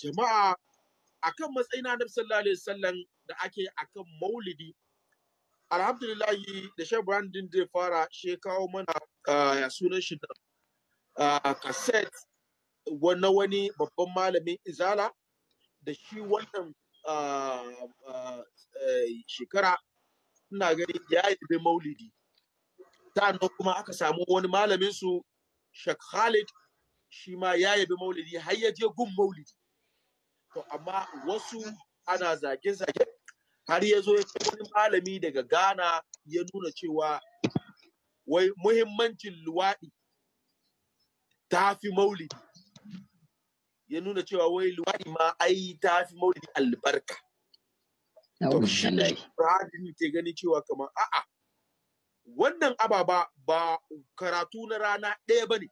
jama'a akan matsayin na sallallahu alaihi wasallam da ake akan Maulidi alhamdulillahi da Shehu Brandon zai fara shi kawo mana ya sunan shi da kaset wani wani babban malamin Izala da shi wannan shekara ina gani ya yi maulidi ta kuma aka samu wani malamin su Sheikh Khalid shi ma ya yabi maulidi har ya je gun maulidi to amma wasu ana zage-zage har ya zo wani malami daga ghana ya nuna cewa wai muhimmancin luwaɗi ta fi maulidi ya nuna cewa wai luwaɗi ma ai ta fi maulidi albarka to gani cewa kamar a'a wannan ababa ba karatu na rana ɗaya ba ne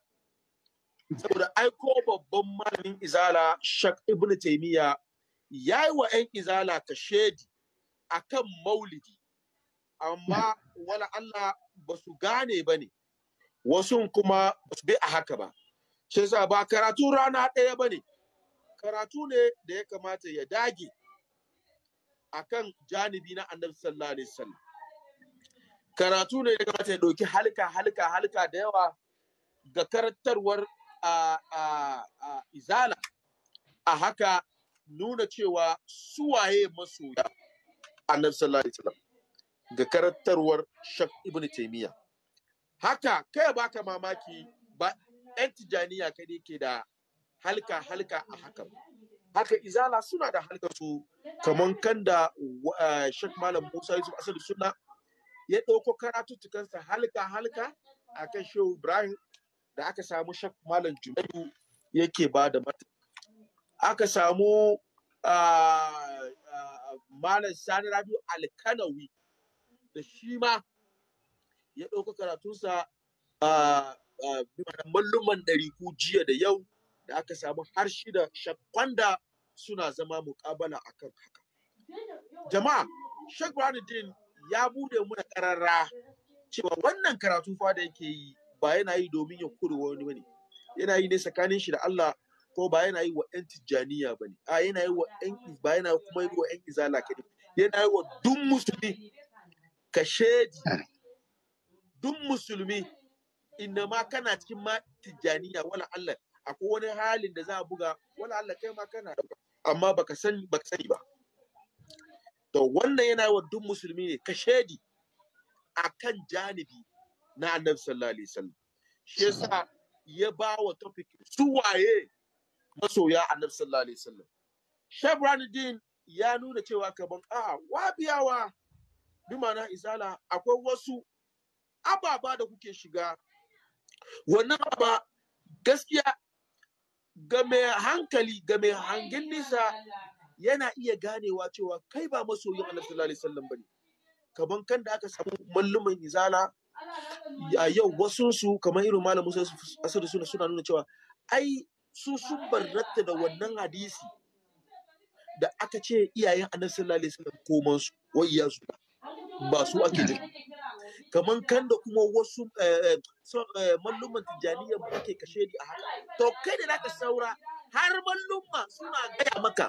saboda aiko babban malamin izala shak ibn taimiya ya yi wa 'yan izala ka shedi a kan maulidi amma wala Allah ba su gane ba ne wasu kuma ba su bi a haka ba shi ba karatu rana ɗaya ba ne karatu ne da ya kamata ya dage a kan janibi na annabi sallallahu alaihi karatu ne da ya kamata ya ɗauki halka halka halka da yawa ga karatarwar... a izala a haka nuna cewa suwaye masoya annabi sallallahu alaihi ga karantarwar Shak Ibn Taymiya. haka kai baka mamaki ba ɗan tijaniya kadai ke da halka halka a haka haka izala suna da halka su kaman kan da eh, Shak Malam Musa Yusuf Asalu. Sunna ya ɗauko karatuttukansa halka halka akan Shehu Ibrahim da aka samu shaf malam jumaidu yake ba da mata aka samu ah, ah, malam sani rabiu alkanawi da shi ma ya ɗauka karatunsa ah, a malluman ɗari ku jiya da yau da aka samu har shida shakwanda suna zama muƙabala a kan haka. Jama'a, Sheikh din ya bude muna ƙararra cewa wannan karatu fa da yake yi ba yana yi domin ya kure wani bane yana yi ne tsakanin shi da Allah ko ba yana yi wa ƴan tijjaniya bane a yana yi wa ƴan ba yana kuma yi wa ƴan izala kadi yana yi wa duk musulmi ka shedi duk musulmi inna ma kana cikin ma tijjaniya wala Allah akwai wani halin da za a buga wala Allah kai ma kana amma baka sani baka sani ba to wannan yana yi wa duk musulmi ne ka shedi akan janibi na annabi sallallahu alaihi wasallam shi yasa ya ba wa topic su waye masoya annabi sallallahu alaihi wasallam shabranuddin ya nuna cewa kaman a wabiyawa bi ma'ana izala akwai wasu ababa da kuke shiga wannan ba gaskiya ga mai hankali ga mai hangin nisa yana iya ganewa cewa kai ba masoyin annabi sallallahu alaihi wasallam bane kaman kan da aka samu mallum'an izala a yau wasu su kamar irin malam Musa asar suna suna nuna cewa ai su sun barnatta da wannan hadisi da aka ce iyayen annabi sallallahu alaihi wasallam su wai ya su ba su ake jira kamar kan da kuma wasu eh, eh, malluman tijaniya ba ke kashe ni a haka to kai da naka saura har mallumma suna gaya maka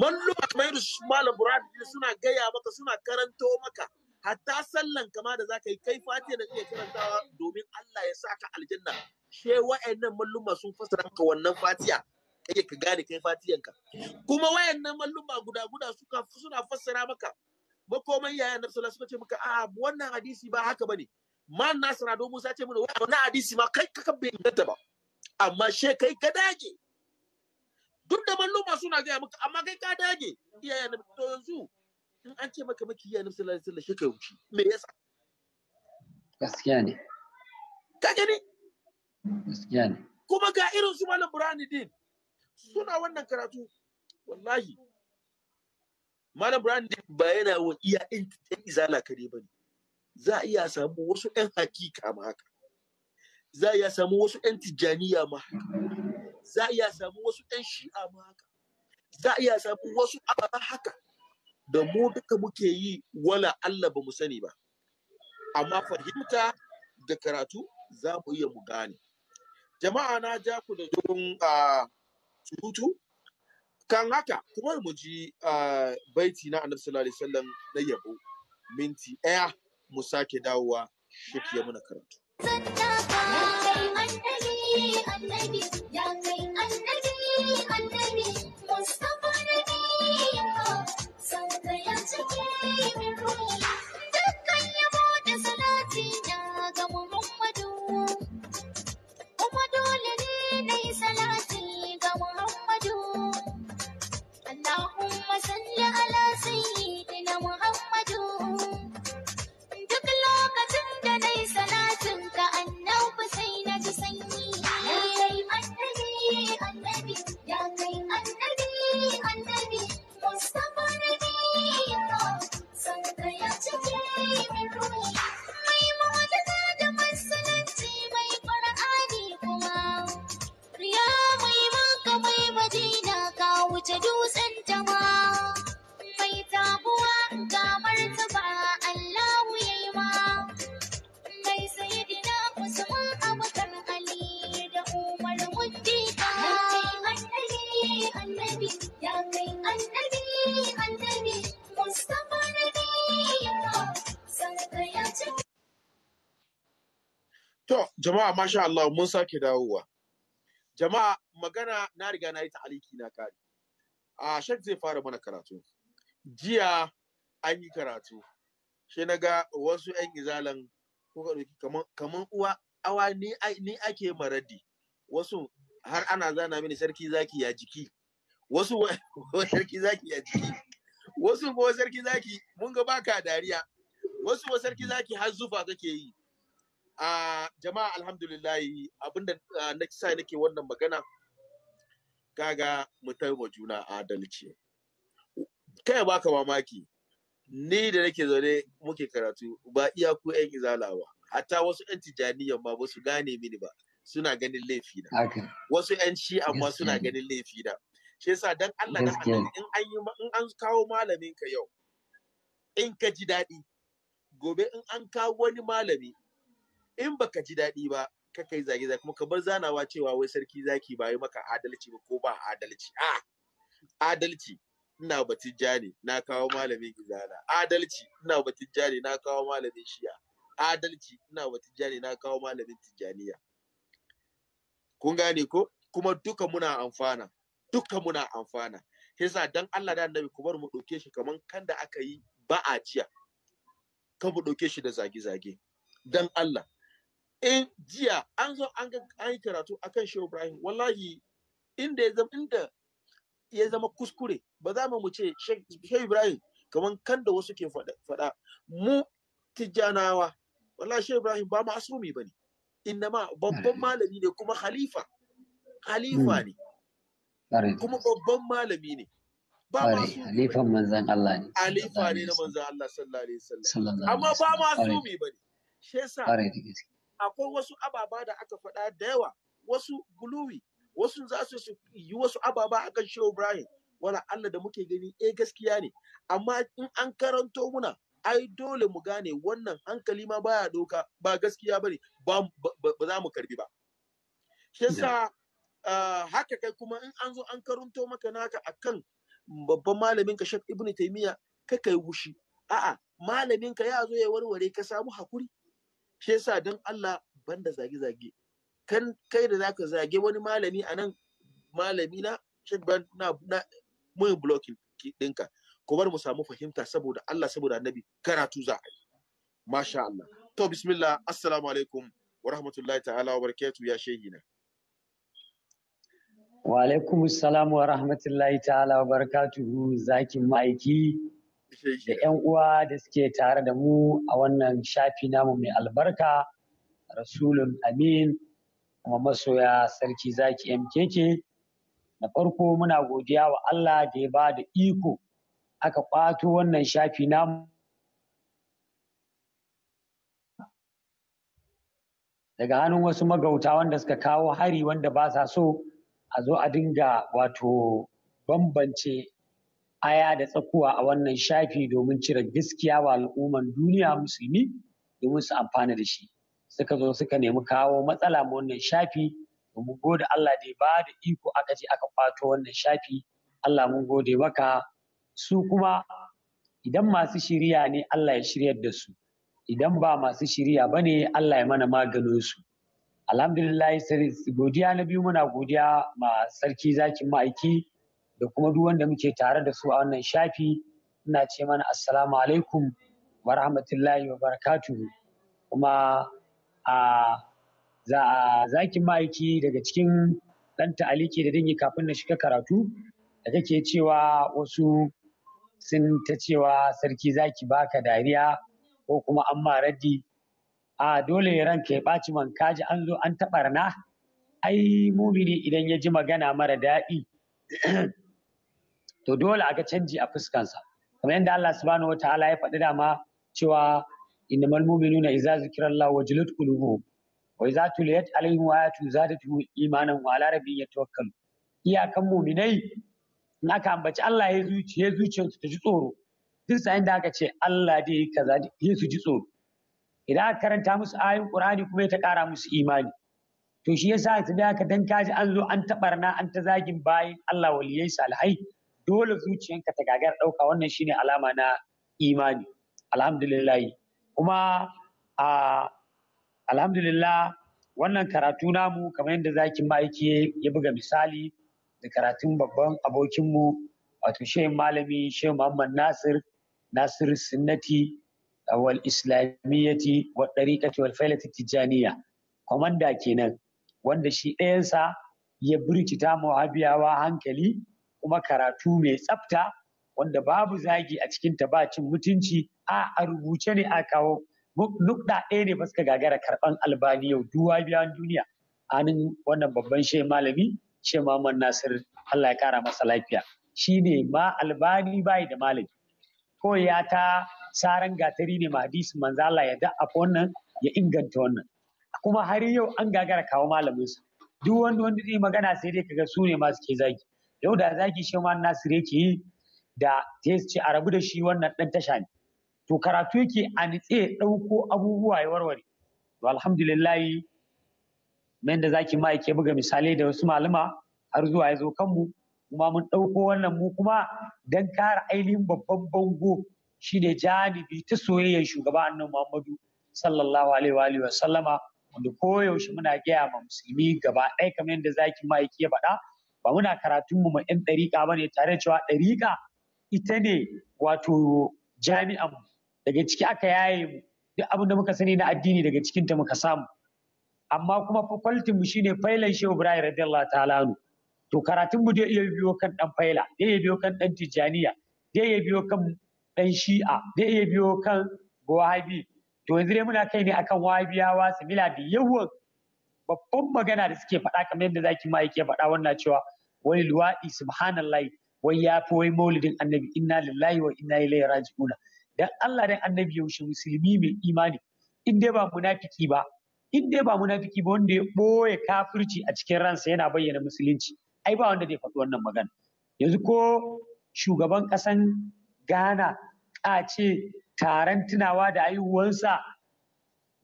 malluma kamar malam Burad suna gaya maka suna karanto maka hatta sallan kama da za ka yi kai fati na iya karantawa domin Allah ya sa ka aljanna she wa'annan malluma sun fasara ka wannan fatiya. kai ka gane kai fatiyanka kuma wayannan malluma guda guda suka suna fasara maka makoman yayan nabi sallallahu suka ce maka a wannan hadisi ba haka bane man nasara do Musa ce mana wannan hadisi ma kai ka bai inganta ba amma she kai ka dage duk da malluma suna gaya maka amma kai ka dage iyayen nabi to yanzu in an ce maka makiyi annabi sallallahu alaihi wasallam shi ka wuce me yasa gaskiya ne ka gani gaskiya ne kuma ga irin su malam din. suna wannan karatu wallahi malam din ba yana wa iya ɗin izala kare ba ne za a iya samu wasu ɗan hakika ma haka za a iya samu wasu ɗan tijjaniya ma haka za a iya samu wasu ɗan shi'a ma haka za a iya samu wasu ababa haka da mu duka muke yi wala Allah ba mu sani ba amma fahimta da karatu za mu iya mu gane jama'a na ja ku da jirgin surutu kan haka kuma mu ji baiti na annabi sallallahu alaihi na yabo minti ɗaya mu sake dawowa shi muna karatu annabi Thank you. Jama'a masha Allah mun sake dawowa. Jama'a magana na riga na yi ta'aliki na kare. A shek zai fara mana karatu. Jiya an yi karatu. Shi na ga wasu 'yan izalan kaman uwa awa ni ake maradi. Wasu har ana zana mini sarki zaki ya jiki. Wasu sarki zaki ya jiki. Wasu wa sarki zaki mun ga baka dariya. Wasu wa sarki zaki har zufa kake yi. a jama'a alhamdulillahi abinda na sa nake wannan magana kaga mu wa juna adalci kai baka mamaki ni da nake zaune muke karatu ba iya ko yan izala ba hatta wasu yan tijaniyan ma ba su gane mini ba suna ganin laifi na wasu yan shi amma suna ganin laifi na shi yasa dan Allah na in in an kawo malamin ka yau in ka ji daɗi gobe in an kawo wani malami in baka ji daɗi ba ka kai zage zage kuma ka bar zanawa cewa wai sarki zaki ba yi maka adalci ba ko ba adalci a adalci ina batun jani na kawo malamin gizana adalci ina batun jani na kawo malamin shiya adalci ina batun jani na kawo malamin tijjaniya kun gane ko kuma duka muna amfana duka muna amfana yasa dan Allah da annabi ku bar mu ɗauke shi kaman kan da aka yi ba a jiya ka mu ɗauke shi da zage-zage dan Allah in eh, jiya an zo an ga an yi karatu akan Shehu Ibrahim wallahi inda ya zama inda ya zama kuskure ba za mu ce Shehu Ibrahim kamar kan da wasu ke faɗa mu tijjanawa wallahi Shehu Ibrahim ba ba ne inda ma babban malami ne kuma khalifa khalifa hmm. ne kuma babban malami ne ba khalifan Allah ne khalifa ne na manzon Allah sallallahu alaihi wasallam amma ba masumi bane shi yasa akwai wasu ababa da aka faɗa da yawa wasu guluwi wasu za su yi wasu ababa akan shehu ibrahim wala allah da muke gani eh gaskiya ne amma in an karanto muna ai dole mu gane wannan hankali ma baya doka ba gaskiya bane ba ba za mu karbi ba shi yasa ah, haka kai kuma in an zo an karanto maka naka akan babban malamin ka Sheikh Ibn Taymiyyah kai kai wushi a'a malamin ka ya zo ya warware ka samu hakuri shi yasa don Allah banda zage-zage kan kai da zaka zage wani malami a nan malami na shi na na mun blocking dinka ko bar mu samu fahimta saboda Allah saboda annabi karatu za a yi masha Allah to bismillah assalamu alaikum wa rahmatullahi ta'ala wa barakatuh ya na wa alaikum assalam wa rahmatullahi ta'ala wa barakatuhu zakin maiki da 'yan uwa da suke tare da mu a wannan shafi namu mai albarka rasulun amin kuma masoya sarki zaki mkk na farko muna godiya wa allah da ya ba da iko aka kwato wannan shafi namu daga hannun wasu magauta wanda suka kawo hari wanda ba sa so a zo a dinga wato bambance aya da tsakuwa a wannan shafi domin cire gaskiya wa al'umman duniya musulmi domin su amfana da shi suka zo suka nemi kawo matsala ma wannan shafi domin gode Allah da ba da iko aka je aka kwato wannan shafi Allah mun gode maka su kuma idan masu shirya ne Allah ya shiryar da su idan ba masu shirya ba ne Allah ya mana maganin su alhamdulillah godiya na biyu muna godiya ma sarki zakin ma'aiki da kuma duk wanda muke tare da su a wannan shafi ina ce mana assalamu alaikum wa rahmatullahi wa barakatuhu kuma a za a zakin ma'aiki daga cikin dan ta'aliki da dingi kafin na shiga karatu da kake cewa wasu sun ta cewa sarki zaki baka dariya ko kuma an ma raddi a dole ranka ya ɓaci man kaji an zo an taɓarna ai mumini idan ya ji magana mara daɗi to dole a ga canji a fuskansa kamar yadda Allah subhanahu wataala ya faɗi dama cewa mal mu'minuna idza zikrallahu wajilat qulubuhum wa idza tuliyat alaihim ayatu zadatuhum imanan wa ala rabbihim yatawakkalu iyakan mu'minai in aka ambaci Allah ya zuciya zuciyarsu ta ji tsoro duk sa'in da aka ce Allah dai kaza dai su ji tsoro idan aka karanta musu ayoyin Qur'ani kuma ya ta kara musu imani to shi yasa sai da aka dan kaji an zo an tabarna an ta zagin bayin Allah waliyai salihai dole zuciyanka ta gagar ɗauka wannan shine alama na imani alhamdulillah kuma a alhamdulillah wannan karatu namu kamar yadda zaki ma'aiki ya buga misali da karatun babban abokinmu wato shehin malami shehin muhammad nasir nasir sunnati wal islamiyyati wa dariqati wal failati tijaniya komanda kenan wanda shi ɗayansa ya birkita mu hankali kuma karatu mai tsafta wanda babu zagi a cikinta ba cin mutunci a a rubuce ne a kawo nukda ɗaya ne ba suka gagara karɓan albani yau duwa biyan duniya anin wannan babban she malami she Muhammad Nasir Allah ya kara masa lafiya shi ne ma albani bai da malami ko ya ta saran gatari ne ma hadisi manzo Allah ya wannan ya inganta wannan kuma har yau an gagara kawo malamin su duk wanda wanda zai magana sai dai kaga su ne masu ke zagi yau da zaki shi ma nasir yake yi da ta ce a rabu da shi wannan ɗan tasha ne to karatu yake a nitse ɗauko abubuwa ya warware to alhamdulillah men da zaki ma yake buga misalai da wasu malama har zuwa ya zo kanmu kuma mun ɗauko wannan mu kuma don kare ainihin babban bango Shi shine janibi ta soyayyar shugaba annabi Muhammadu sallallahu alaihi wa sallama wanda koyaushe muna gaya ma musulmi gaba ɗaya kamar yadda zaki ma yake faɗa ba muna karatun mu yan ɗariƙa ba ne tare da cewa ɗariƙa ita ne wato jami'an daga ciki aka yaye mu duk abin da muka sani na addini daga cikin ta muka samu amma kuma fakwaltin mu shine failan shehu ibrahim radiyallahu ta'ala nu to karatun mu dai iya biyo kan dan faila dai iya biyo kan dan tijaniya dai iya biyo kan dan shi'a dai iya biyo kan wahabi to yanzu dai muna kai ne akan wahabiyawa Samila, da yawan babban magana da suke faɗa kamar yadda zaki ma yake faɗa wannan cewa wani luwaɗi subhanallahi wai ya fi wai maulidin annabi inna lillahi wa inna ilaihi raji'una dan Allah dan annabi yaushe musulmi mai imani in dai ba munafiki ba in dai ba munafiki ba wanda ya ɓoye kafirci a cikin ransa yana bayyana musulunci ai ba wanda zai faɗi wannan magana yanzu ko shugaban ƙasan Ghana ƙace taron tunawa da haihuwansa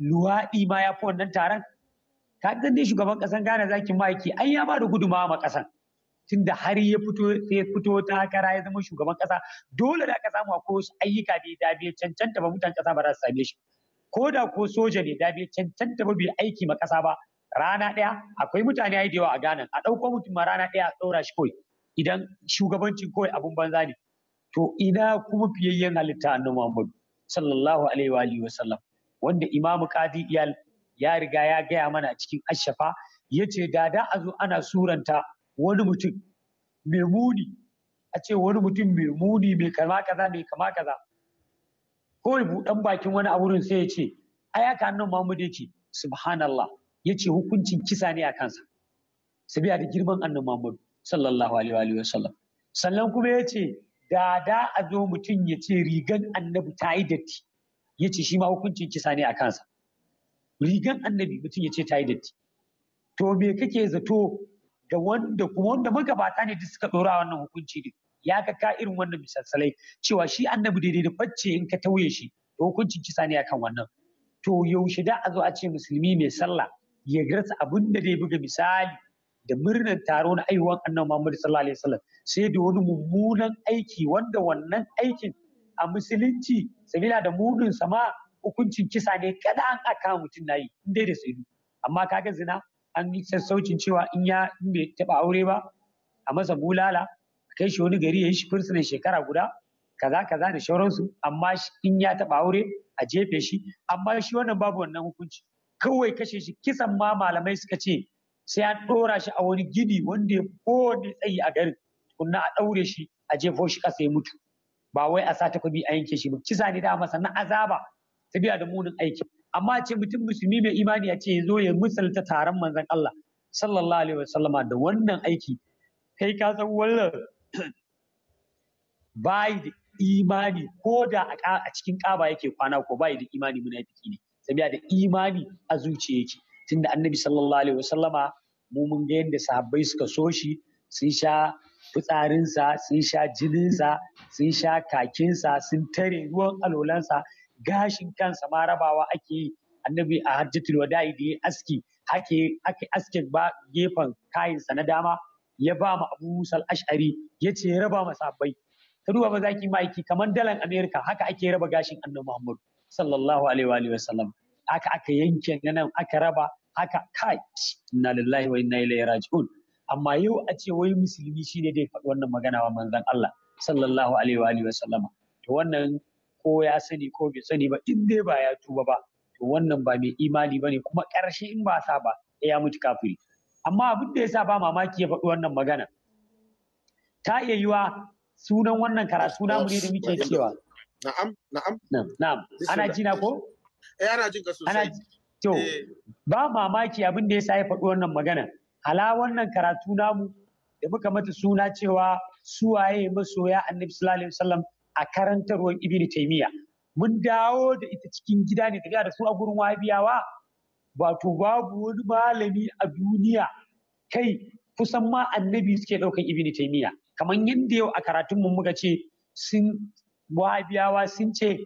luwaɗi ma ya fi wannan taron ka dai shugaban ƙasan Ghana zakin yake ai ya ba da gudumawa ma ƙasan tunda har ya fito ya fito takara ya zama shugaban kasa dole da aka samu akwai wasu ayyuka da da bai cancanta ba mutan kasa ba za su same shi ko da ko soja ne da bai cancanta ba bai aiki ma kasa ba rana ɗaya akwai mutane ai da yawa a ganan a ɗauko mutum rana ɗaya a ɗora shi kawai idan shugabancin kawai abun banza ne to ina kuma fiyayyen halitta annabi Muhammad sallallahu alaihi wa sallam wanda imamu qadi iyal ya riga ya gaya mana a cikin ashafa yace ce da da a zo ana suranta wani mutum mai muni a ce wani mutum mai muni mai kama kaza mai kama kaza kawai buɗan bakin wani a wurin sai ya ce ai haka annan Muhammadu yake subhanallah yace hukuncin kisa ne a kansa biya da girman annan Muhammadu, sallallahu alaihi wa sallam sannan kuma yace da da a zo mutum ya ce rigan annabi ta yi datti yace shi ma hukuncin kisa ne a kansa rigan annabi mutum ya ce ta yi datti to me kake zato da wanda kuma wanda magabata ne da suka dora wannan hukunci ne ya ga ka irin wannan misalsalai cewa shi annabi daidai da facce in ka tauye shi da hukuncin kisa ne akan wannan to yaushe da a zo a ce musulmi mai sallah ya garsa abin da zai buga misali da murnar taro na aiwan annabi Muhammad sallallahu alaihi wasallam sai da wani mummunan aiki wanda wannan aikin a musulunci sabila da mudun sama hukuncin kisa ne kada an aka mutum nayi in dai da sai amma kaga zina an yi sassaucin cewa in ya in bai taɓa aure ba a masa bulala a kai shi wani gari ya yi shi fursunan shekara guda kaza kaza da shauransu amma in ya taɓa aure a jefe shi amma shi wannan babu wannan hukunci kawai kashe shi kisan ma malamai suka ce sai an ɗora shi a wani gini wanda ya kowane tsayi a garin kunna a ɗaure shi a jefo shi ƙasa ya mutu ba wai a sa takobi a yanke shi ba kisa ne dama na azaba tabiya da munin aiki amma ce mutum musulmi mai imani a ce ya zo ya misalta taron manzan Allah sallallahu alaihi wasallama da wannan aiki kai ka san wannan bai da imani ko da a cikin kaba yake kwana ko bai da imani munafiki ne sabiya da imani a zuciya yake tunda annabi sallallahu alaihi wasallama mu mun ga yadda sahabbai suka so shi sun sha fitsarinsa sun sha jininsa sun sha kakinsa sun tare ruwan alolansa gashin kansa ma rabawa ake yi annabi a hajjatul wada'i da ya aski ake ake aske ba gefen kayansa na dama ya ba mu Abu ashari ya ce raba ma sahabbai ka duba ba zaki ma'aiki kamar dalan Amerika haka ake raba gashin annabi Muhammad sallallahu alaihi wa sallam haka aka yanke nan aka raba haka kai inna lillahi wa inna ilaihi raji'un amma yau a ce wai musulmi shine dai faɗi wannan magana wa manzon Allah sallallahu alaihi wa sallam to wannan ko ya sani ko bai sani ba in dai ba ya tuba ba to wannan ba mai imani bane kuma ƙarshe in ba sa ba ya mutu kafiri amma abin da yasa ba mamaki ya faɗi wannan magana ta iya yiwa sunan wannan karatu mu ne da muke cewa na'am na'am na'am ana ji na ko eh ana jin ka sosai to eh. ba mamaki abin da yasa ya faɗi wannan magana hala wannan karatu namu da muka mata suna cewa suwaye masoya annabi sallallahu alaihi wasallam a karantarwar ibn taymiya mun dawo da ita cikin gida ne tafiya da su a gurin wahabiyawa wato babu wani malami a duniya kai kusan ma annabi suke daukan ibn taymiya kamar yadda yau a karatun mu muka ce sun wahabiyawa sun ce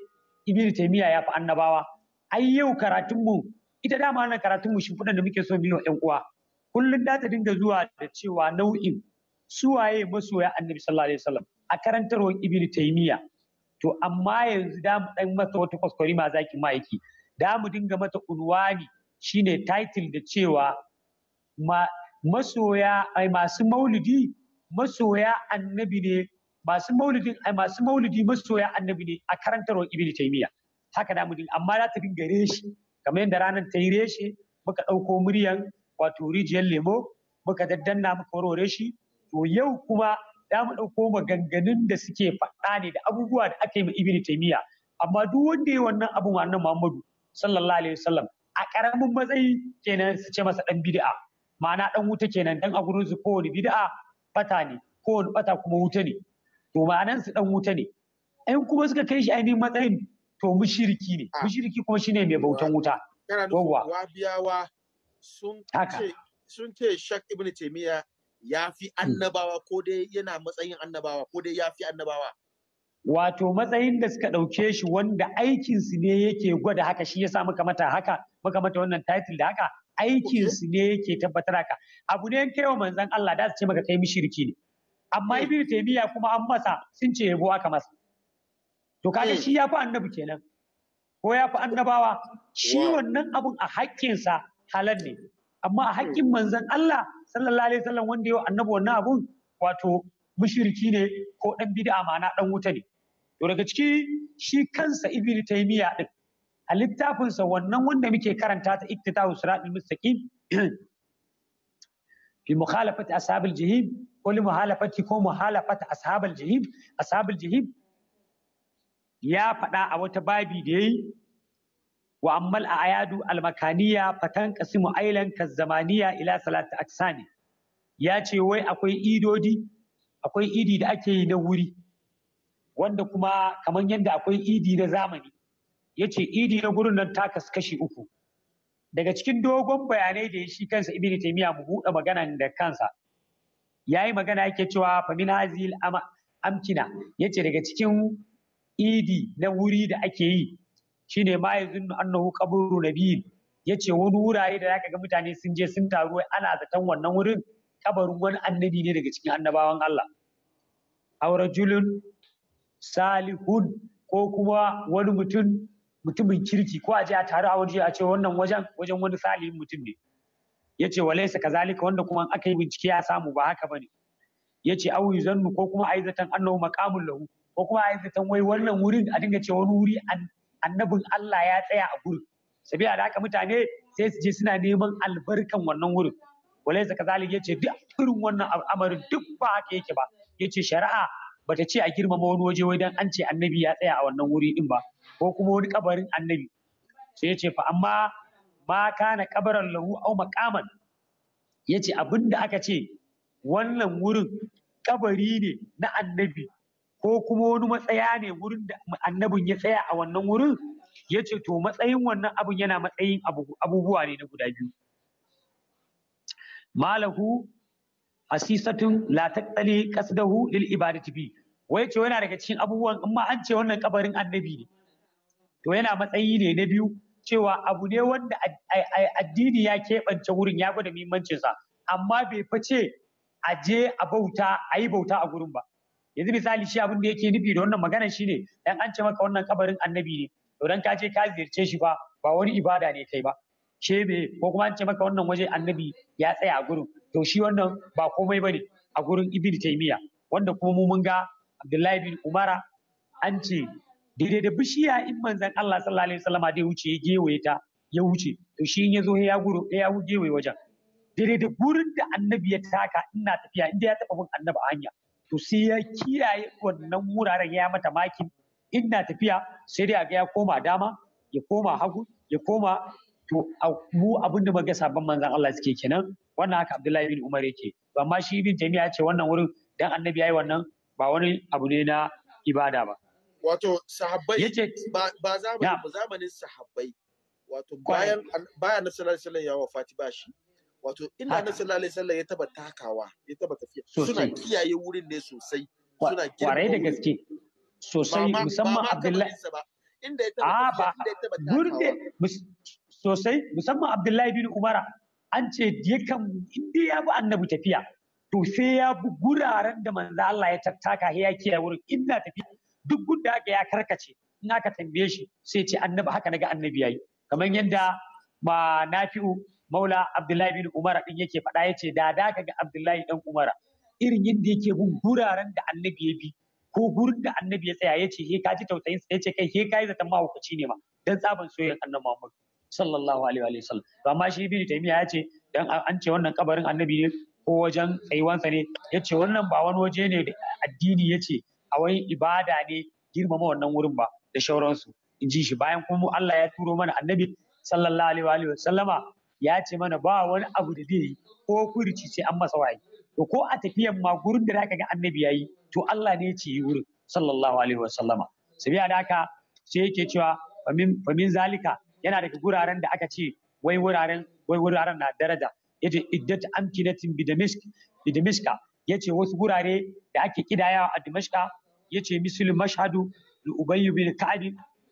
ibn taymiya ya fi annabawa ai yau karatun mu ita dama na karatun mu shimfiɗan da muke so mu yi uwa kullum da ta dinga zuwa da cewa nau'in suwaye masoya annabi sallallahu alaihi wasallam a karantarwar ibn taymiya to amma yanzu da mu dan masa wata kwaskwari ma zaki ma yake da mu dinga mata unwani shine title da cewa ma masoya ai masu maulidi masoya annabi ne masu maulidi ai masu maulidi masoya annabi ne a karantarwar ibn taymiya haka da mu dinga amma za ta dinga reshe, kamar yadda ranar ta yi reshe muka ɗauko muryan wato rijiyar lemo muka daddanna muka warware shi to yau kuma Za mu ɗauko maganganun da suke faɗa ne da abubuwa da aka yi ma Ibn taymiya amma duk wanda ya wannan abun wannan muhammadu sallallahu alaihi wasallam a karamin matsayi kenan su ce masa dan bid'a ma'ana dan wuta kenan dan a gurin su kowane bid'a bata ne kowane bata kuma wuta ne to ma'anan su dan wuta ne in kuma suka kai shi ainihin matsayin to mushriki ne ah. mushriki kuma shine mai bautan wuta wawa sun ce shak ibn taymiya ya fi hmm. annabawa ko dai yana matsayin annabawa ko dai ya fi annabawa wato matsayin da suka ɗauke shi wanda aikinsu ne yake gwada haka shi ya sa muka mata haka muka mata wannan title da haka aikinsu ne yake tabbatar haka abu ne kai wa manzan Allah da su ce maka kai mishirki ne amma hmm. ibi taymiya kuma an masa sun ce yabo aka masa to kaga hmm. shi ya fi annabi kenan ko ya fi annabawa shi wannan abun a haƙƙinsa halal ne amma a haƙƙin manzan Allah sallallahu alaihi wasallam wanda yau annabi wannan abun wato mushriki ne ko dan bid'a ma'ana dan wuta ne to daga ciki shi kansa ibnu taymiya din a littafinsa wannan wanda muke karanta ta iktitahu siratul mustaqim fi mukhalafati ashabil jahim ko li muhalafati ko muhalafati ashabil jahim ashabil jahim ya faɗa a wata babi da yayi wa ammal ayadu almakaniya fatan qasimu ailan kazzamaniya ila salati ya ce wai akwai idodi akwai idi da ake yi na wuri wanda kuma kamar yadda akwai idi na zamani ya ce idi na gurin nan takas kashi uku daga cikin dogon bayanai da ya shi kansa ibn taymiya mu buɗe magana da kansa ya yi magana yake cewa faminazil hazil amkina yace daga cikin idi na wuri da ake yi shine ma yazunnu annahu qabru nabiyin yace wani wurare da zaka ga mutane sun je sun taru ana zaton wannan wurin kabarin wani annabi ne daga cikin annabawan Allah aw rajulun salihun ko kuma wani mutum mutumin kirki ko a je a taru a waje a ce wannan wajen wajen wani salihin mutum ne yace walaysa kazalika wanda kuma aka yi bincike ya samu ba haka bane yace aw yuzannu ko kuma aizatan annahu maqamul lahu ko kuma aizatan wai wannan wurin a dinga ce wani wuri annabin Allah ya tsaya a gurin sabiya da haka mutane sai su je suna neman albarkan wannan wurin walai zaka zalik yace duk irin wannan al'amarin duk ba haka yake ba yace shari'a bata ce a girmama wani waje wai dan an ce annabi ya tsaya a wannan wuri din ba ko kuma wani kabarin annabi sai yace fa amma ma kana kabaran lahu au maqaman yace abinda aka ce wannan wurin kabari ne na annabi ko kuma wani matsaya ne wurin da annabin ya tsaya a wannan wurin ya ce to matsayin wannan abun yana matsayin abubuwa ne na guda biyu malahu asisatun la taqtali qasdahu lil ibadati bi wai ce yana daga cikin abubuwan amma an ce wannan kabarin annabi ne to yana matsayi ne na biyu cewa abu ne wanda addini ya keɓance wurin ya gwada muhimmancinsa amma bai fice a je a bauta a yi bauta a gurin ba yanzu misali shi abin da yake nufi da wannan maganar ne dan an ce maka wannan kabarin annabi ne to dan ka je ka ziyarce shi fa ba wani ibada ne kai ba shebe ko kuma an ce maka wannan waje annabi ya tsaya a gurin to shi wannan ba komai bane a gurin ibn taymiya wanda kuma mu mun ga abdullahi bin umara an ce daidai da bishiya in manzon Allah sallallahu alaihi wasallama dai wuce ya gewaye ta ya wuce to shi in ya zo ya ya gewaye wajen daidai da gurin da annabi ya taka ina tafiya inda ya taba bin annabi a hanya to sai ya kiyaye wannan wuraren ya mata maki, inna tafiya sai dai a ga ya koma dama ya koma hagu ya koma to mu abin da muka sabon manzon Allah suke kenan wannan haka Abdullahi bin Umar yake amma shi bin jami'a ya ce wannan wurin dan annabi yayi wannan ba wani abu ne na ibada ba wato sahabbai ba ba zamanin sahabbai wato bayan bayan Nabi sallallahu alaihi wasallam ya wafati ba shi wato inda na sallallahu alaihi wasallam ya taba takawa ya taba tafiya suna kiyaye wurin ne sosai suna kiyaye da gaske sosai musamman abdullahi inda ya taba ah, takawa sosai musamman abdullahi bin umara an ce kan inda ya bi annabi tafiya to sai ya bi guraren da manzo Allah ya tattaka ya kiyaye wurin inda tafiya duk gudda ga ya karkace in aka tambaye shi sai ce annabi haka naga annabi yayi kamar yadda ma nafi'u maula abdullahi bin umara din yake faɗa yace da da ka ga abdullahi dan umara irin yadda yake bin guraren da annabi ya bi ko gurin da annabi ya tsaya yace he ka ji tausayin sa yace kai he kai zaton mahaukaci ne ma dan tsaban soyayyar annabi Muhammad sallallahu alaihi wa sallam amma shi ibnu taymiya yace dan an ce wannan kabarin annabi ne ko wajen tsayuwansa ne yace wannan ba wani waje ne da addini yace a wani ibada ne girmama wannan wurin ba da shauransu in ji shi bayan kuma Allah ya turo mana annabi sallallahu alaihi wa sallama ya ce mana ba wani abu da zai yi ko furici ce an masa wayi to ko a tafiyan ma gurin da zaka ga annabi yayi to Allah ne ya ce yi wurin sallallahu alaihi wa sallama sabiya da haka sai yake cewa famin famin zalika yana daga guraren da aka ce wai wuraren wai wuraren na daraja yace iddat amkinatin bi damask bi damaska yace wasu gurare da ake kidayawa a damashka yace misal mashhadu li ubayy bin ka'ab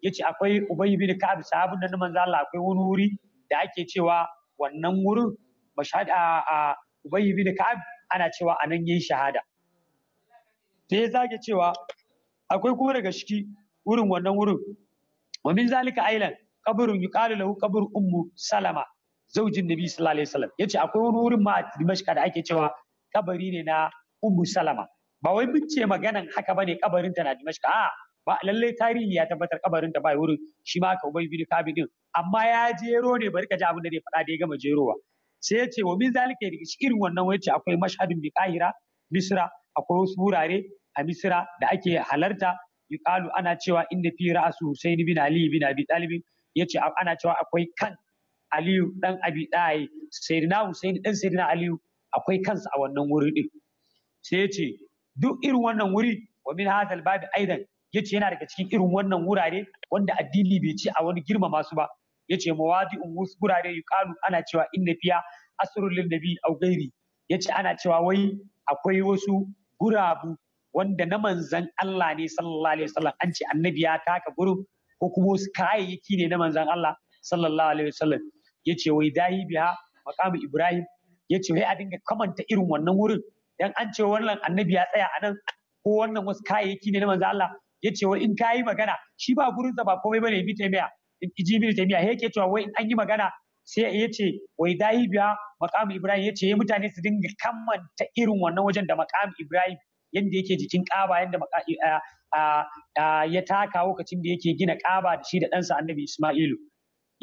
yace akwai ubayy bin ka'ab sahabun nan manzo Allah akwai wani wuri da ake cewa wannan wurin mashhad a Ubay da Ka'ab ana cewa a nan yayi shahada sai ya zage cewa akwai kuma daga ciki wurin wannan wurin wa min zalika ailan qabrun kalu lahu qabru ummu salama zaujin nabi sallallahu alaihi wasallam yace akwai wani wurin ma a da ake cewa kabari ne na ummu salama ba wai mun ce maganan haka bane kabarin ta na dimashka a'a ba lallai tarihi ya tabbatar kabarin ta bai wurin shi ma ka ubai bin kabi din amma ya jero ne bari ka ji abin da zai faɗa da ya gama jerowa sai ya ce wa min zalika da irin wannan wace akwai mashhadin bi kahira misra akwai wasu wurare a misra da ake halarta yuqalu ana cewa inda fi ra'su husain bin ali bin abi talib yace ana cewa akwai kan aliyu dan abi dai sayyidina husain dan sayyidina aliyu akwai kansa a wannan wuri din sai ya ce duk irin wannan wuri wa min hadal babi aidan Ya ce yana daga cikin irin wannan wurare wanda addini bai ci a wani girmama su ba Ya mawadi un wasu wurare yuqalu ana cewa inna fiya asrul linnabi aw ghairi ce ana cewa wai akwai wasu gurabu wanda na manzan Allah ne sallallahu alaihi wasallam an ce annabi ya taka gurin ko kuma wasu kayayyaki ne na manzan Allah sallallahu alaihi wasallam ce wai dahi biha maqamu ibrahim Ya ce wai a dinga kamanta irin wannan wurin dan an ce wannan annabi ya tsaya nan ko wannan wasu kayayyaki ne na manzan Allah ya ce wai in ka yi magana shi ba gurinsa ba komai bane ibn taymiya ibn taymiya he yake cewa wai in an yi magana sai ya ce wai dahi biya makamu ibrahim ya ce mutane su dinga kammanta irin wannan wajen da makamu ibrahim yadda yake jikin kaba yadda ya taka lokacin da yake gina kaba da shi da ɗansa annabi isma'ilu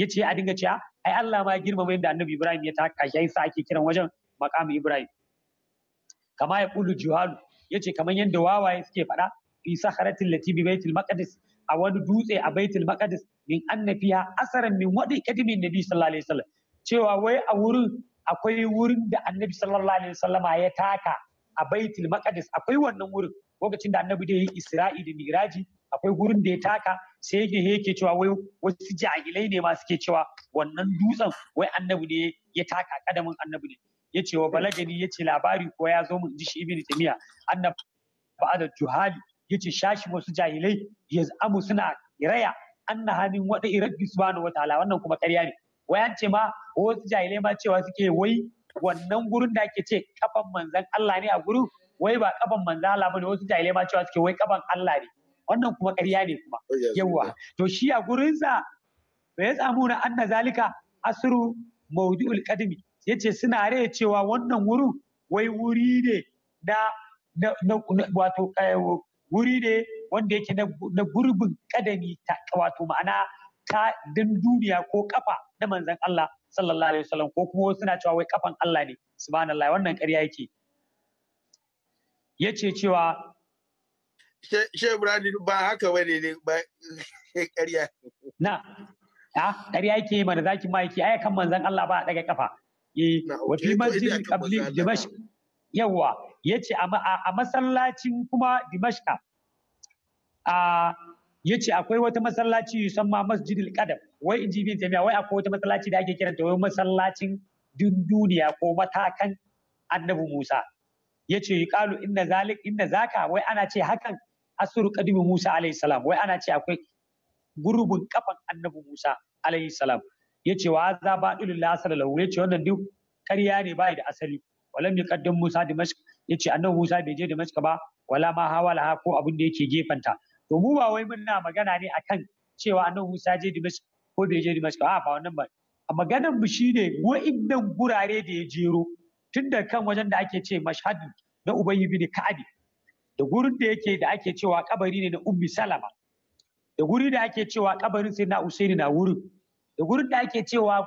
ya ce a dinga cewa ai Allah ma girmama yadda annabi ibrahim ya taka shi sa ake kiran wajen makamu ibrahim kama ya kulu juhalu ya ce kamar yadda wawaye suke faɗa fi saharatin lati bi baitul maqdis a wani dutse a baitul maqdis min anna fiha asaran min wadi kadimin nabi sallallahu alaihi wasallam cewa wai a wurin akwai wurin da annabi sallallahu alaihi wasallama ya taka a baitul maqdis akwai wannan wurin lokacin da annabi da yi isra'i da miraji akwai gurin da ya taka sai yake yake cewa wai wasu jahilai ne ma suke cewa wannan dutsen wai annabi ne ya taka kadamin annabi ne ya ce wa balagani ya ce labari ko ya zo mun ji shi ibn tamiya annab ba'ada juhali yace shashi wasu jahilai amu suna raya anna hamin wada irabbi wata ala wannan kuma karya ne wayan ce ma wasu jahilai ma cewa suke wai wannan gurin da ake ce kafan manzan Allah ne a gurin wai ba kafan manzan Allah bane wasu jahilai ma cewa suke wai kafan Allah ne wannan kuma karya ne kuma oh, yawa to shi a gurin sa bai ya samu na anna zalika asru maudu'ul qadimi yace suna raya cewa wannan wurin wai wuri ne na wato eh, wuri ne wanda yake na gurbin kadami ta wato ma'ana ta duniya ko kafa na manzon Allah sallallahu alaihi wasallam ko kuma suna cewa wai kafan Allah ne subhanallah wannan ƙarya yake yace cewa she Ibrahim ba haka bane ne ba ƙarya na a ƙarya yake mana zaki ma yake ai manzon Allah ba a daga kafa eh wa fi masjidil qabli dimashq yawa ya ce a masallacin kuma dimashka a ya ce akwai wata masallaci ma masjidil kadam wai in ji bin jami'a wai akwai wata masallaci da ake kiranta wai masallacin dunduniya ko matakan annabi Musa ya ce kalu inna zalik inna zaka wai ana ce hakan asuru kadimi Musa alayhi salam wai ana ce akwai gurbin kafan annabi Musa alayhi salam ya ce wa za ba dulil la ya ce wannan duk ƙarya ne bai da asali walam yuqaddim Musa dimashq yace annabi Musa bai je Damascus ba wala ma hawalaha ko abin da yake gefanta to mu ba wai muna magana ne akan cewa annabi Musa je Damascus ko bai je Damascus a ba wannan ba maganar mu shine wa'innan gurare da ya jero tun da kan wajen da ake ce mashhad na Ubayy bin Ka'abi da gurin da yake da ake cewa kabari ne na Ummi Salama da guri da ake cewa kabarin sai na Usaini na wurin da gurin da ake cewa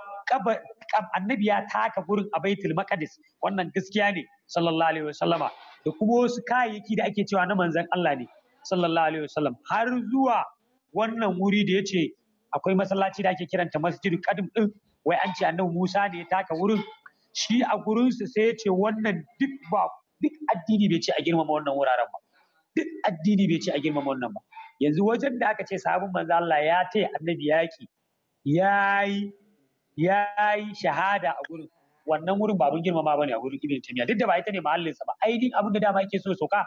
annabi ya taka gurin a baitul maqdis wannan gaskiya ne sallallahu alaihi wasallama da kuma wasu kayayyaki da ake cewa na manzon Allah ne sallallahu alaihi wasallam har zuwa wannan wuri da yace akwai masallaci da ake kiranta masjidul kadim din wai an ce annabi Musa ne ya taka wurin shi a gurinsu sai ya ce wannan duk ba duk addini bai ce a girmama wannan wuraren ba duk addini bai ce a girmama wannan ba yanzu wajen da aka ce sahabin manzo Allah ya taya annabi yaki yayi ya yi shahada a gurin wannan wurin ba abin girmama bane a gurin ibn taymiya duk da ba ita ne mahallinsa ba ainihin abin da dama yake so soka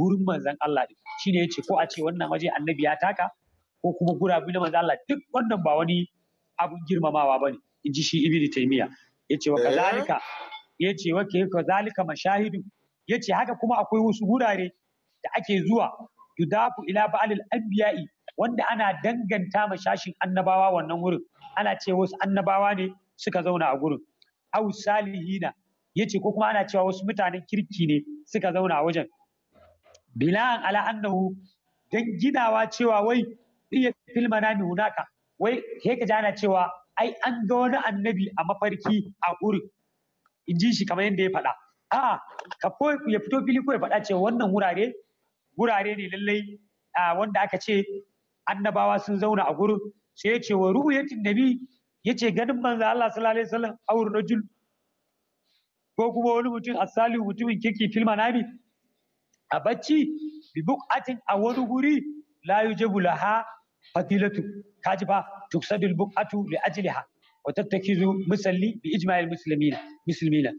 gurin manzon Allah din shine yace ko a ce wannan waje annabi ya taka ko kuma gurabi na manzon Allah duk wannan ba wani abin girmamawa ne. in ji shi ibn taymiya yace wa eh? kazalika yace wa kazalika mashahidu yace haka kuma akwai wasu gurare da ake zuwa yudafu ila ba'al anbiya'i wanda ana danganta ma annabawa wannan wurin ana ce wasu annabawa ne suka zauna a gurin au salihina ce ko kuma ana cewa wasu mutanen kirki ne suka zauna a wajen bilan ala annahu dan ginawa cewa wai iya fil manami hunaka wai he ka ana cewa ai an ga wani annabi a mafarki a gurin in ji shi kamar yadda ya faɗa A'a ka ya fito fili ko ya faɗa cewa wannan wurare wurare ne lallai wanda aka ce annabawa sun zauna a gurin sai ya ce wa ru'yatin nabi yace ganin manzo Allah sallallahu alaihi wasallam aur rajul ko kuma wani mutum asali mutumin kirki fil manami a bacci bi buqatin a wani guri la yujabu laha fatilatu kaji fa tuksadul buqatu li ajliha wa tattakizu musalli bi ijma'il muslimina muslimina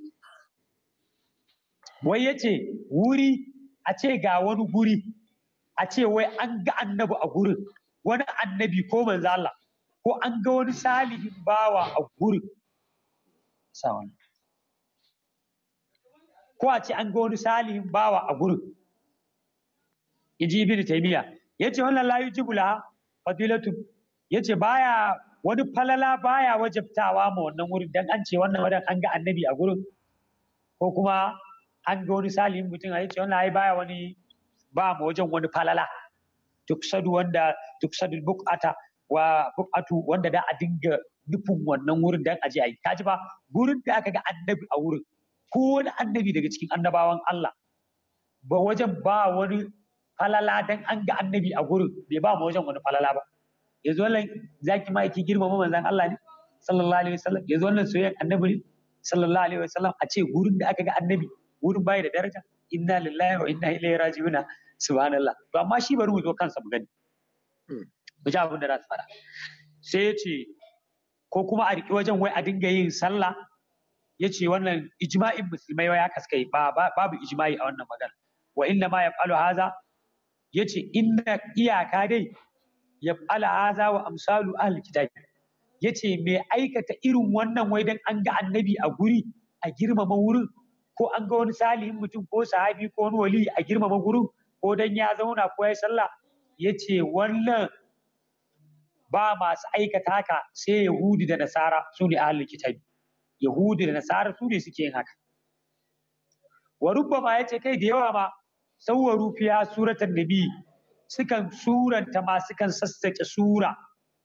wai yace wuri a ce ga wani guri a ce wai an ga annabi a gurin wani annabi ko manzo Allah ko an ga wani salihin bawa a gurin sa ko a ce an ga wani salihin bawa a gurin iji ibn taymiya yace wannan la yujibu la fadilatu yace baya wani falala baya wajabtawa ma wannan wurin dan an ce wannan wadan an ga annabi a gurin ko kuma an ga wani salihin mutum a yace wannan ai baya wani ba mu wajen wani falala tuksadu wanda tuksadu buk'ata wa buk'atu wanda da a dinga nufin wannan wurin dan aje ayi kaji ba gurin da aka ga annabi a wurin ko wani annabi daga cikin annabawan Allah ba wajen ba wani falala dan an ga annabi a gurin bai ba mu wajen wani falala ba yanzu wannan zaki ma yake girmama manzon Allah ne sallallahu alaihi wasallam yanzu wannan soyayyen annabi ne sallallahu alaihi wasallam a ce gurin da aka ga annabi gurin bai da daraja inna lillahi wa inna ilaihi raji'una subhanallah to amma shi bari mu zo kansa mu gani hmm. mu ji abin da za su fara sai ya ce ko kuma a riƙi wajen wai a dinga yin sallah ya ce wannan ijma'in musulmai ya kaskai babu ijma'i a wannan magana wa inna ma ya falo haza ya ce inna iyaka dai ya fala haza wa amsalu ahal kitabi ya ce mai aikata irin wannan wai dan an ga annabi a guri a girmama wurin ko an ga wani salihin mutum ko sahabi ko wani wali a girmama gurin ko dan ya zauna ko ya sallah ya ce wannan ba masu aikata haka sai Yahudi da Nasara su ne ahlul kitabi Yahudi da Nasara su ne suke yin haka wa rubbama ya ce kai da yawa ma sauwaru fiya suratan nabi sukan suranta ma sukan sassace sura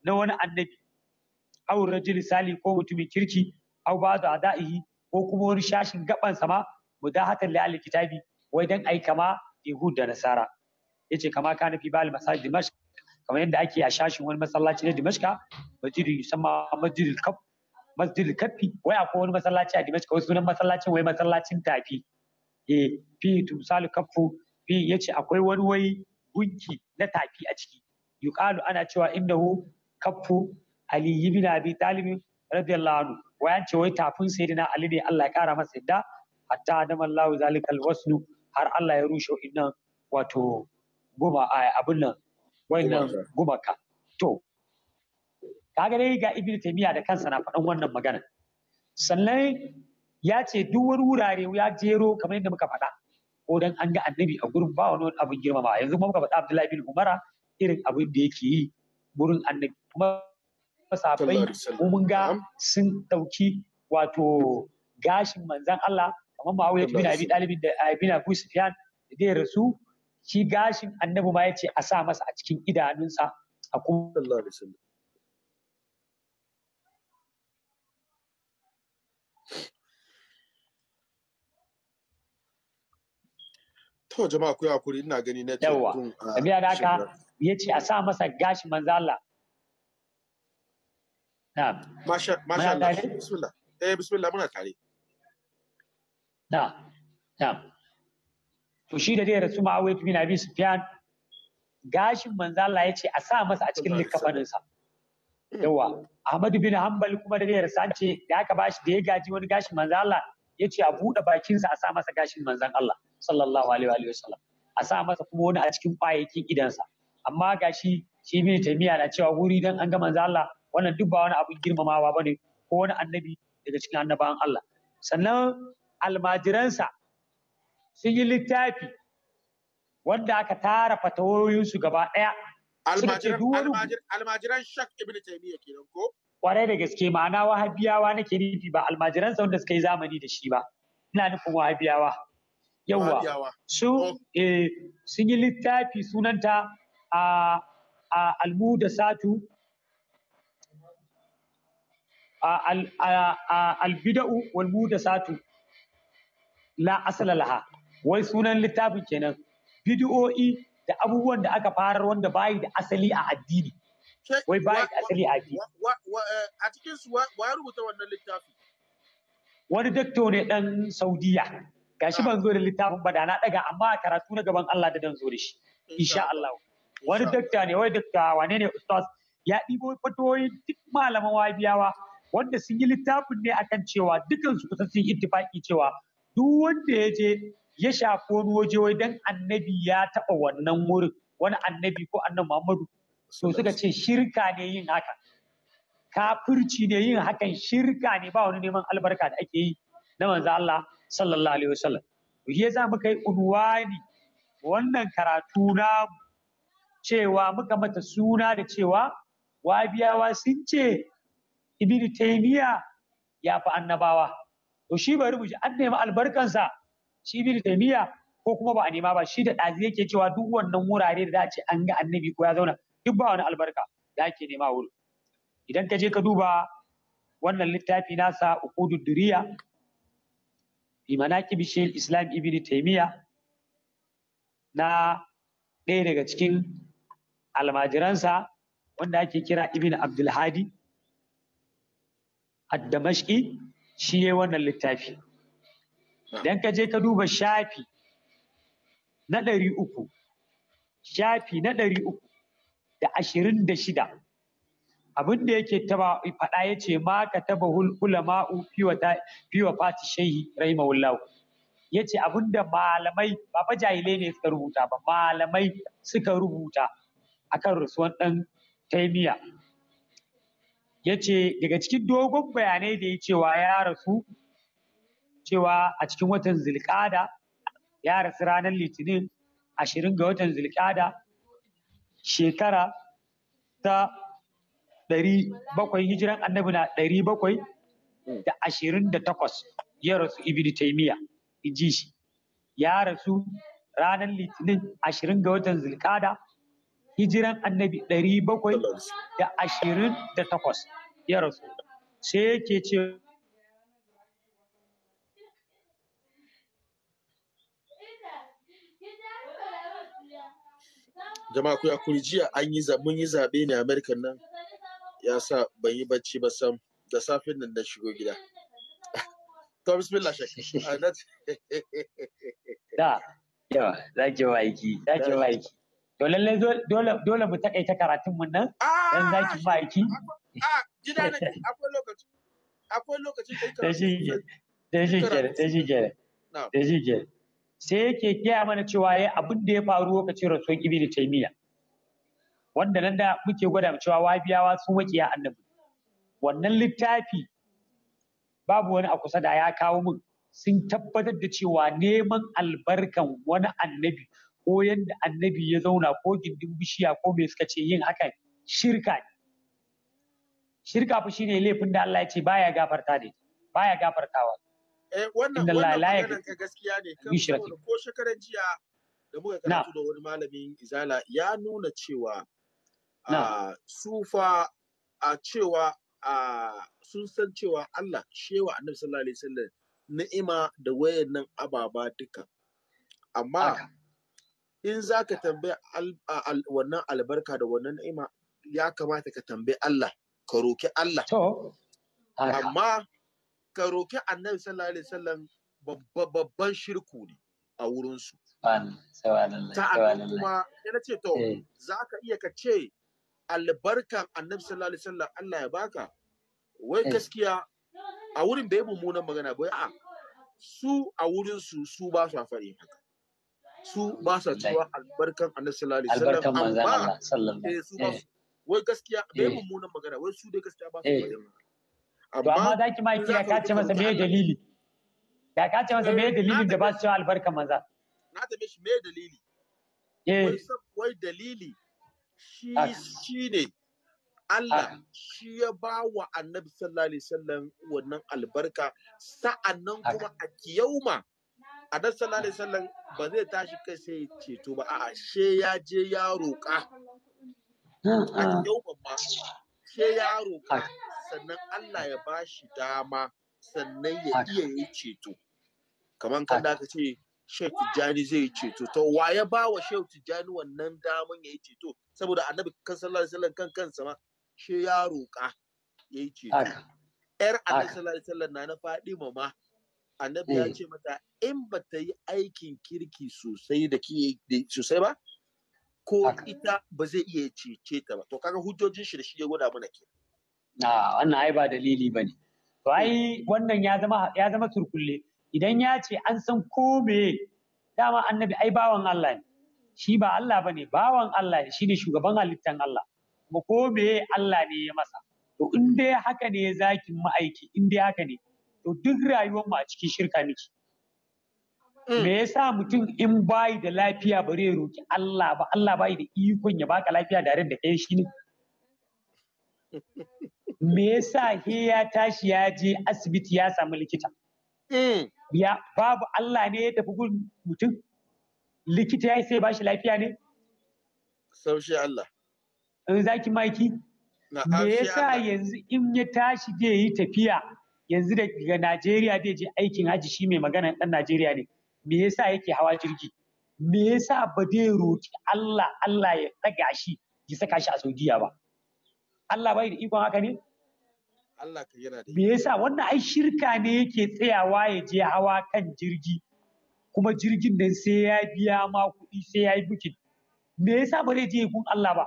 na wani annabi aw rajul sali ko mutumin kirki aw ba'du ada'ihi ko kuma wani shashin gaban sama mudahatan li al kitabi wai dan ai kama Yahud da Nasara yace kama kana fi bal masajid Dimashq kamar yadda ake a shashin wani masallaci na dimashq masjid yusamma al kaf al kafi wai akwai wani masallaci a dimashq wasu sunan masallacin wai masallacin tafi eh fi tumsalu kafu fi yace akwai wani wai gunki na tafi a ciki yuqalu ana cewa innahu kafu ali ibn abi talib radiyallahu anhu wai an ce wai tafin sayyidina ali ne Allah ya kara masa yadda hatta adamallahu zalikal wasnu har Allah ya rushe wa'innan wato guma abin nan wa'innan gumaka to kaga dai ga ibnu taymiya da kansa na faɗan wannan magana sannan ya ce duk wani wurare ya jero kamar yadda muka faɗa ko dan an ga annabi a gurin ba wani abin girmama yanzu kuma muka faɗa Abdullahi bin Umara irin abin da yake yi gurin annabi kuma sahabbai mun sun ɗauki wato gashin manzan Allah kamar Muawiya bin Abi dalibin da eh, bin Abu Sufyan da zai rasu shi gashin annabi ma yace a sa masa a cikin idanunsa a kuma Allah da sallam To jama'a ku hakuri ina gani na a biya da haka ya ce a sa masa gashin manzo Allah. Na'am. Masha Allah. Bismillah. Eh bismillah muna tare. na'am na'am to shi da dai rasu ma'awai bin abi sufyan gashin manzo Allah ya ce a sa masa a cikin likafaninsa yawa Ahmadu bin Hanbal kuma da dai an ce da aka bashi da ya gaji wani gashin manzo Allah ya ce a buɗe bakinsa a sa masa gashin Manzan Allah sallallahu alaihi wa sallam a sa masa kuma wani a cikin kwayakin idansa amma gashi shi bin taimiya na cewa wuri dan an ga manzo Allah wannan duk ba wani abin girmamawa bane ko wani annabi daga cikin annabawan Allah sannan almajiransa sun yi littafi wanda aka tara fatawoyinsu gaba ɗaya. Almajiran Shak Ibn Taymiyyah kenan ko? Kwarai da gaske ma'ana wahabiyawa ke nufi ba almajiransa wanda suka yi zamani da shi ba. Ina nufin wahabiyawa. Yawwa. Su eh, sun yi littafi sunanta a almuda satu albida'u walmu da satu la asala laha wai sunan littafin kenan bidiyo'i da abubuwan da aka farar wanda bayi da asali a addini wai bayi da asali a addini eh, a cikin su wa rubuta wannan littafi wani dakto ne dan saudiya gashi ah. ban zo da littafin ba da na daga amma a karatu na gaban Allah da dan zo da shi insha Allah wani dakta ne wai dakta wane ne ustaz ya ɗibo fatoyin duk malaman wabiyawa wanda sun yi littafin ne akan cewa dukansu kusan sun ittifaki cewa duk wanda ya je ya shafi wani waje wai dan annabi ya taɓa wannan wurin wani annabi ko annabi Muhammadu so suka ce shirka ne yin haka kafirci ne yin hakan shirka ne ba wani neman albarka da ake yi na manzo Allah sallallahu alaihi wasallam to shi yasa muka yi unwani wannan karatu na cewa muka mata suna da cewa wabiyawa sun ce ibnu taymiya ya fi annabawa to shi bari mu an nemi albarkansa shi bin taimiyya ko kuma ba a nema ba shi da ɗazi yake cewa duk wannan wurare da za a ce an ga annabi ko ya zauna duk ba wani albarka da ake nema wuri idan ka je ka duba wannan littafi nasa uqudud duriya fi manaqib shaykh islam ibn taymiya na ɗaya daga cikin almajiransa wanda ake kira ibn Abdulhadi hadi ad-damashqi shi ya wannan littafi idan ka je ka duba shafi na ɗari uku shafi na ɗari uku da ashirin da shida abin da yake taba faɗa ya ce ma ka taba hulkula ma'u fiwa fati shehi rahimahullahu ya ce abin da malamai ba fa jahilai ne suka rubuta ba malamai suka rubuta akan rasuwan ɗan taimiya ya ce daga cikin dogon bayanai da ya cewa ya rasu cewa a cikin watan zilkada ya rasu ranar litinin ashirin ga watan zilkada shekara ta ɗari bakwai hijiran annabi na ɗari bakwai da ashirin da takwas ya rasu ibn taimiya shi ya rasu ranar litinin ashirin ga watan zilkada hijiran annabi ɗari bakwai da ashirin da takwas ya rasu sai yake ce jama'a ku yakuri jiya an yi mun yi zaɓe ne amerikan nan ya sa ban yi bacci ba sam da safin nan da shigo gida to bismillah shakki da yawa zaki maiki zaki maiki to lalle dole dole mu takaita karatun mun nan ah! dan zaki baki a ah, gida ne akwai lokaci akwai lokaci da shi da shi da shi da sai yake gaya mana cewa ya abin da ya faru lokacin rasuwar ibnu taymiya wanda nan da muke gwada cewa wabiyawa sun wakiya annabi wannan littafi babu wani a kusa da ya kawo min sun tabbatar da cewa neman albarkan wani annabi ko yadda annabi ya zauna ko gindin bishiya ko me suka ce yin hakan shirka ne shirka fa shine laifin da Allah ya ce baya gafarta ne baya gafartawa eh wannan wannan ka gaskiya ne kan ko shekaran jiya da muka karatu da wani malamin izala ya nuna cewa a sufa a cewa a sun san cewa Allah shewa annabi sallallahu alaihi wasallam ni'ima da wayannan ababa duka amma in za ka tambayi wannan albarka da wannan na'ima ya kamata ka tambayi Allah ka roki Allah amma ka roki annabi sallallahu alaihi wasallam babban shirku ne a wurinsu. Ta'adun kuma yana ce to eh. za ka iya ka ce albarkan annabi sallallahu alaihi wasallam Allah ya baka wai eh. gaskiya a wurin bai mummunan magana ba a su a wurinsu su ba su haka. su ba sa cewa albarkan annabi sallallahu alaihi wasallam amma alaihi eh, wasallam wai gaskiya bai eh. mummunan magana wai su dai gaskiya ba su da eh. amma amma zaki ma kira ka ce masa me dalili da ka ce masa me dalilin da ba su cewa albarkan manza na da shi me dalili eh wai dalili shi ah. shi ne Allah ah. shi ya ba wa annabi sallallahu alaihi wasallam wannan albarka sa'annan kuma a kiyauma annabi sallallahu alaihi wasallam ba zai tashi kai sai ya ceto ba a'a she ya je ya roƙa a yau babba she ya roƙa sannan Allah ya bashi dama sannan ya iya yi ceto kamar kan da aka ce Sheikh Tijjani zai yi ceto to wa ya ba wa Sheikh Tijjani wannan daman ya yi ceto saboda annabi kan sallallahu alaihi wasallam kan kansa ma she ya roƙa ya yi ceto yar annabi sallallahu alaihi wasallam na na Fadima ma annabi ya eh. ce mata in ba ta yi aikin kirki sosai da ke sosai ba ko ita ba zai iya cece ta ba to kaga hujjojin shi da shi ya gwada mana ke na wannan ai ba dalili ba ne to ai wannan ya zama ya zama turkulle idan ya ce an san ko me dama annabi ai bawan Allah ne shi ba Allah bane bawan Allah ne ne shugaban halittan Allah kuma ko me Allah ne ya masa to in dai haka ne zakin ma'aiki in dai haka ne to duk rayuwar mu a cikin shirka miki mm. me yasa mutum in bai da lafiya bare ya roki Allah ba Allah bai da ikon ya baka lafiya da da kai shi ne me yasa he ya tashi ya je asibiti ya samu likita mm. ya babu Allah ne ya tafi gun mutum likita ya sai bashi lafiya ne saushi Allah in zaki maiki me yasa yanzu in ya tashi je yi tafiya yanzu daga Najeriya zai je aikin haji shi mai magana ɗan Najeriya ne me yasa yake hawa jirgi me yasa ba zai roki Allah Allah ya ɗaga shi ya saka shi a Saudiya ba Allah bai da ikon haka ne Allah ka yana da me yasa wannan ai shirka ne yake tsayawa ya je hawa kan jirgi kuma jirgin nan sai ya biya ma kuɗi sai ya yi bukin me yasa ba zai je gun Allah ba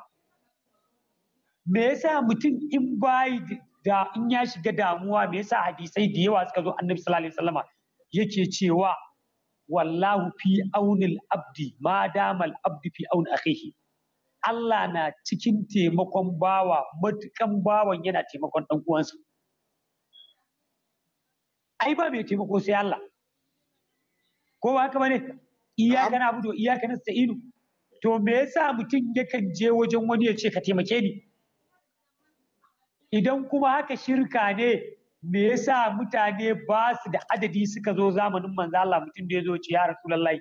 me yasa mutum in bai da in ya shiga damuwa me yasa hadisai da yawa suka zo annabi sallallahu alaihi wasallam yake cewa wallahu fi aunil abdi ma damal abdi fi aun akhihi Allah na cikin taimakon bawa matukan bawan yana taimakon dan uwansa ai ba mai taimako sai Allah ko ba haka bane iyaka na budo iya na sa'inu to me yasa mutum yakan je wajen wani ya ce ka taimake ni idan kuma haka shirka ne me yasa mutane ba su da adadi suka zo zamanin manzo Allah mutum da ya zo ci ya rasulullahi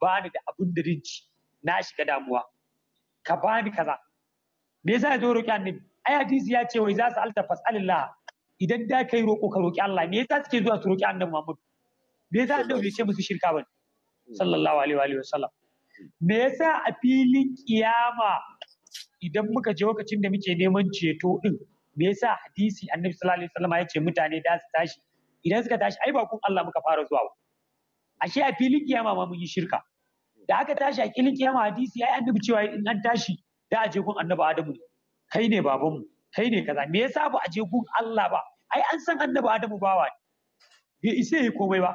ba ni da abin da rinci na shiga damuwa ka ba ni kaza me yasa ya zo roƙi annabi ai hadisi ya ce wai za su alta fasalillah idan da kai roƙo ka roƙi Allah me yasa suke zuwa su roƙi annabi Muhammad me yasa da bai ce musu shirka ba sallallahu alaihi wa alihi wasallam me yasa a filin kiyama idan muka je lokacin da muke neman ceto din me yasa hadisi annabi sallallahu alaihi wasallam ya ce mutane da su tashi idan suka tashi ai ba kun Allah muka fara zuwa ba ashe a filin kiyama ma mun yi shirka da aka tashi a filin kiyama hadisi ai annabi cewa in an tashi da a je kun annabi Adamu kai ne babanmu kai ne kaza me yasa ba a je kun Allah ba ai an san annabi Adamu bawa ne bai isa yi komai ba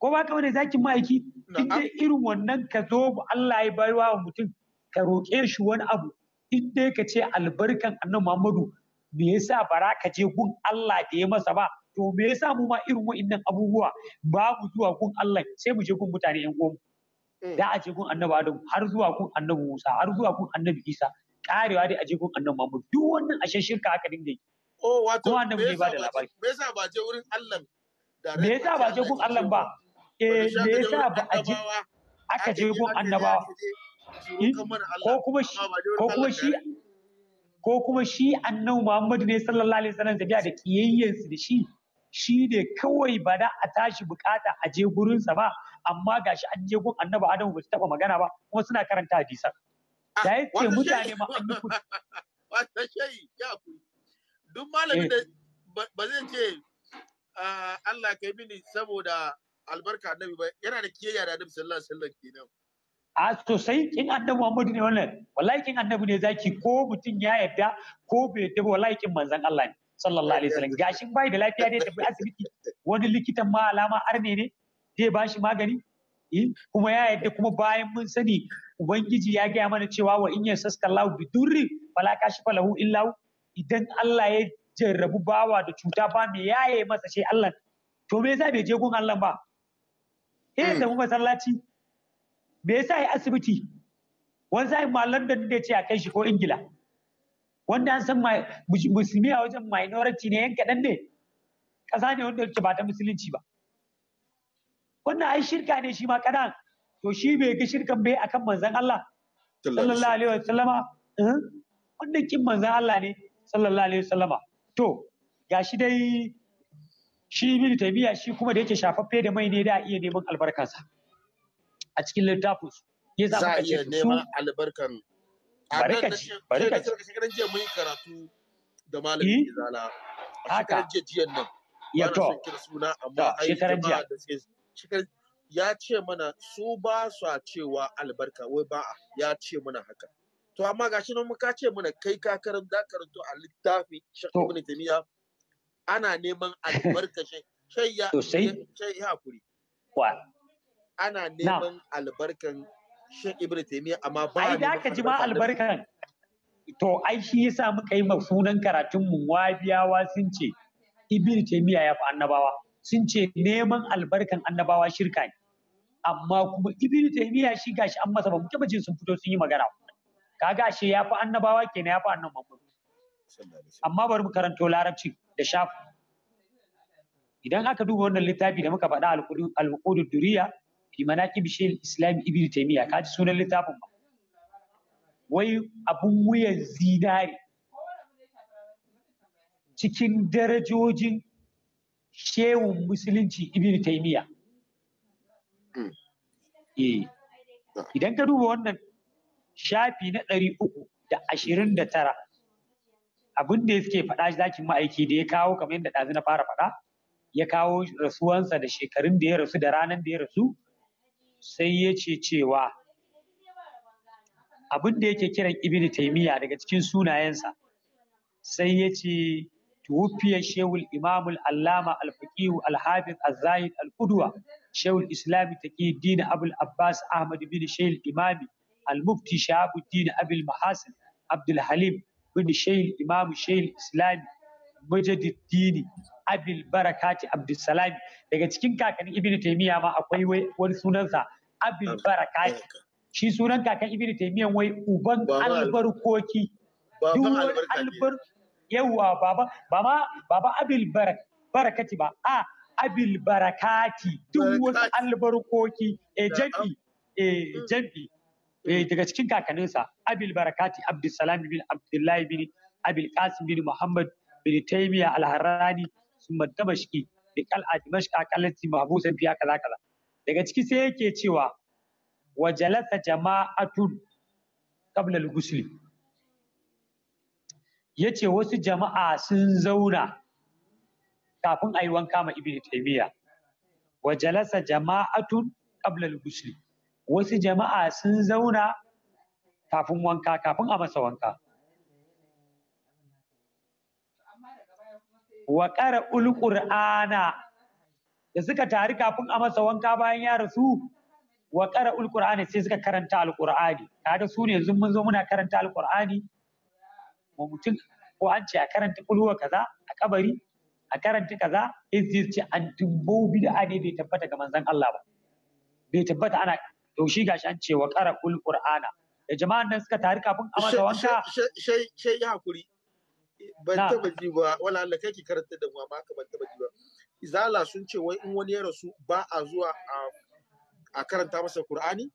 ko ba kawai zakin ma'aiki duk dai irin wannan ka zo Allah ya baiwa wa mutum ka roƙe shi wani abu in dai ka ce albarkan annabi Muhammadu me yasa ba za ka je gun Allah da ya masa ba to me yasa mu ma irin wa'annan abubuwa ba mu zuwa gun Allah sai mu je gun mutane yan gomu eh. da a je gun annabi Adam har zuwa gun annabi Musa har zuwa gun annabi Isa karewa dai a je gun annabi Muhammad duk wannan ashe shirka aka dinga yi oh wato me yasa ba je wurin Allah me yasa ba je gun Allah ba eh me yasa ba a je aka je gun annabawa eh, ko kuma shi ko kuma shi ko kuma shi annabi Muhammadu ne sallallahu alaihi wasallam tafiya da kiyayyansu da shi shi ne kawai ba da a tashi bukata a je gurinsa ba amma gashi an je gun annabi Adamu ba su taba magana ba kuma suna karanta hadisan ah, da yake mutane ma an yi wata shayi ya ku duk malamin da eh. ba zai ce ah, Allah kai mini saboda albarka annabi ba yana da kiyayya da annabi sallallahu alaihi wasallam kenan a sosai kin annabi Muhammadu ne wannan wallahi kin annabi ne zaki ko mutum ya yadda, ko bai yarda ba wallahi kin manzon Allah ne sallallahu alaihi wasallam gashin bai da lafiya ne tafi asibiti wani likitan ma alama arne ne zai bashi magani eh, kuma ya yadda kuma bayan mun sani ubangiji ya gaya mana cewa wa in yasaska lahu durri fala kashifa lahu illa idan Allah ya jarrabu bawa da cuta ba me yaye masa shi Allah to me yasa bai je gun Allah ba eh da hmm. mu masallaci me yasa ya asibiti wani sa'in ma London da ce a kai shi ko Ingila wanda an san musulmi a wajen minority ne yan kaɗan ne ƙasa ne wanda yake ba ta musulunci ba wannan ai shirka ne shi ma kaɗan to shi bai ga shirkan bai akan manzon Allah sallallahu alaihi wasallama eh? wannan kin manzon Allah ne sallallahu alaihi wasallama to gashi dai shi ta biya, shi kuma da yake shafaffe da mai ne da iya neman albarkansa a cikin littafin su ke za a iya neman albarkan jiya mun karatu da malamin eh? izala a jiya ya ce mana su ba su cewa albarka wai ba ya ce mana haka to amma gashi nan muka ce mana kai ka karanta karanto a littafi shakka ibn tamiya ana neman albarka shai shai ya shai hakuri ana neman albarkan shan ibn taymiya amma ba ai da aka ji ma albarkan to ai shi yasa muka yi sunan karatun mu wabiyawa sun ce ibn taymiya ya fi annabawa sun ce neman albarkan annabawa shirka ne amma kuma ibn taymiya shi gashi an masa ba mu taba sun fito sun yi magana kaga shi ya fi annabawa kenan ya fi annan muhammadu amma bari mu karanto larabci da shafi idan aka duba wannan littafi da muka faɗa al qudud duriya fi manaqib shaykhul islam ibnu taymiya ka ji sunan littafin ba wai abun wuyan zinari cikin darajojin shehun musulunci ibnu taymiya hmm. eh idan ka duba wannan shafi na ɗari uku da ashirin da tara abin da suke faɗa zakin ma'aiki da ya kawo kamar yadda ɗazu na fara faɗa ya kawo rasuwansa da shekarun da ya rasu da ranar da ya rasu sai ya ce cewa abin da yake kiran ibn taimiyya daga cikin sunayensa sai ya ce tuwufiya shehul imamul allama alfaqihu alhafiz azahid Alkuduwa. shehul islami taqi Dina abul abbas ahmad bin shehul imami almufti شهاب الدين ابي المحاسن عبد الحليم بن شيخ الامام شيخ Mujaddid Abil Barakati Abdulsalami daga cikin kakanin Ibn Taymiyyah ma akwai wani sunansa Abil Barakati shi sunan kakan Ibn Taymiyyah wai uban albarkoki baban wani yawa baba baba baba Abil Barakati ba a Abil Barakati duk wani albarkoki e eh, jabi e eh, jabi eh, daga cikin kakaninsa Abil Barakati Abdulsalami bin Abdullahi bin Abil Qasim bin Muhammad bin taymiya al-harrani da damashqi da qal'a dimashqa qallati mahbusan fiya kaza kaza daga ciki sai yake cewa wa jalasa jama'atun qabla al ya yace wasu jama'a sun zauna kafin ayi wanka ma ibnu taymiya wa jalasa jama'atun qabla al wasu jama'a sun zauna kafin wanka kafin a masa wanka wa qara'ul qur'ana da suka tari kafin a masa wanka bayan ya rasu wa qara'ul qur'ana sai suka karanta alƙur'ani kaga su ne yanzu mun zo muna karanta alƙur'ani mu mutum ko an ce a karanta kulwa kaza a kabari a karanta kaza sai ce an dubbo bid'a ne bai tabbata ga manzon Allah ba bai tabbata ana to shi gashi an ce wa qara'ul qur'ana da jama'an nan suka tari kafin a masa wanka sai ya hakuri ban taba ji ba wala Allah kai ki karanta da mu amma ka ban taba ji ba izala sun ce wai in wani ya rasu ba a zuwa a karanta masa Qur'ani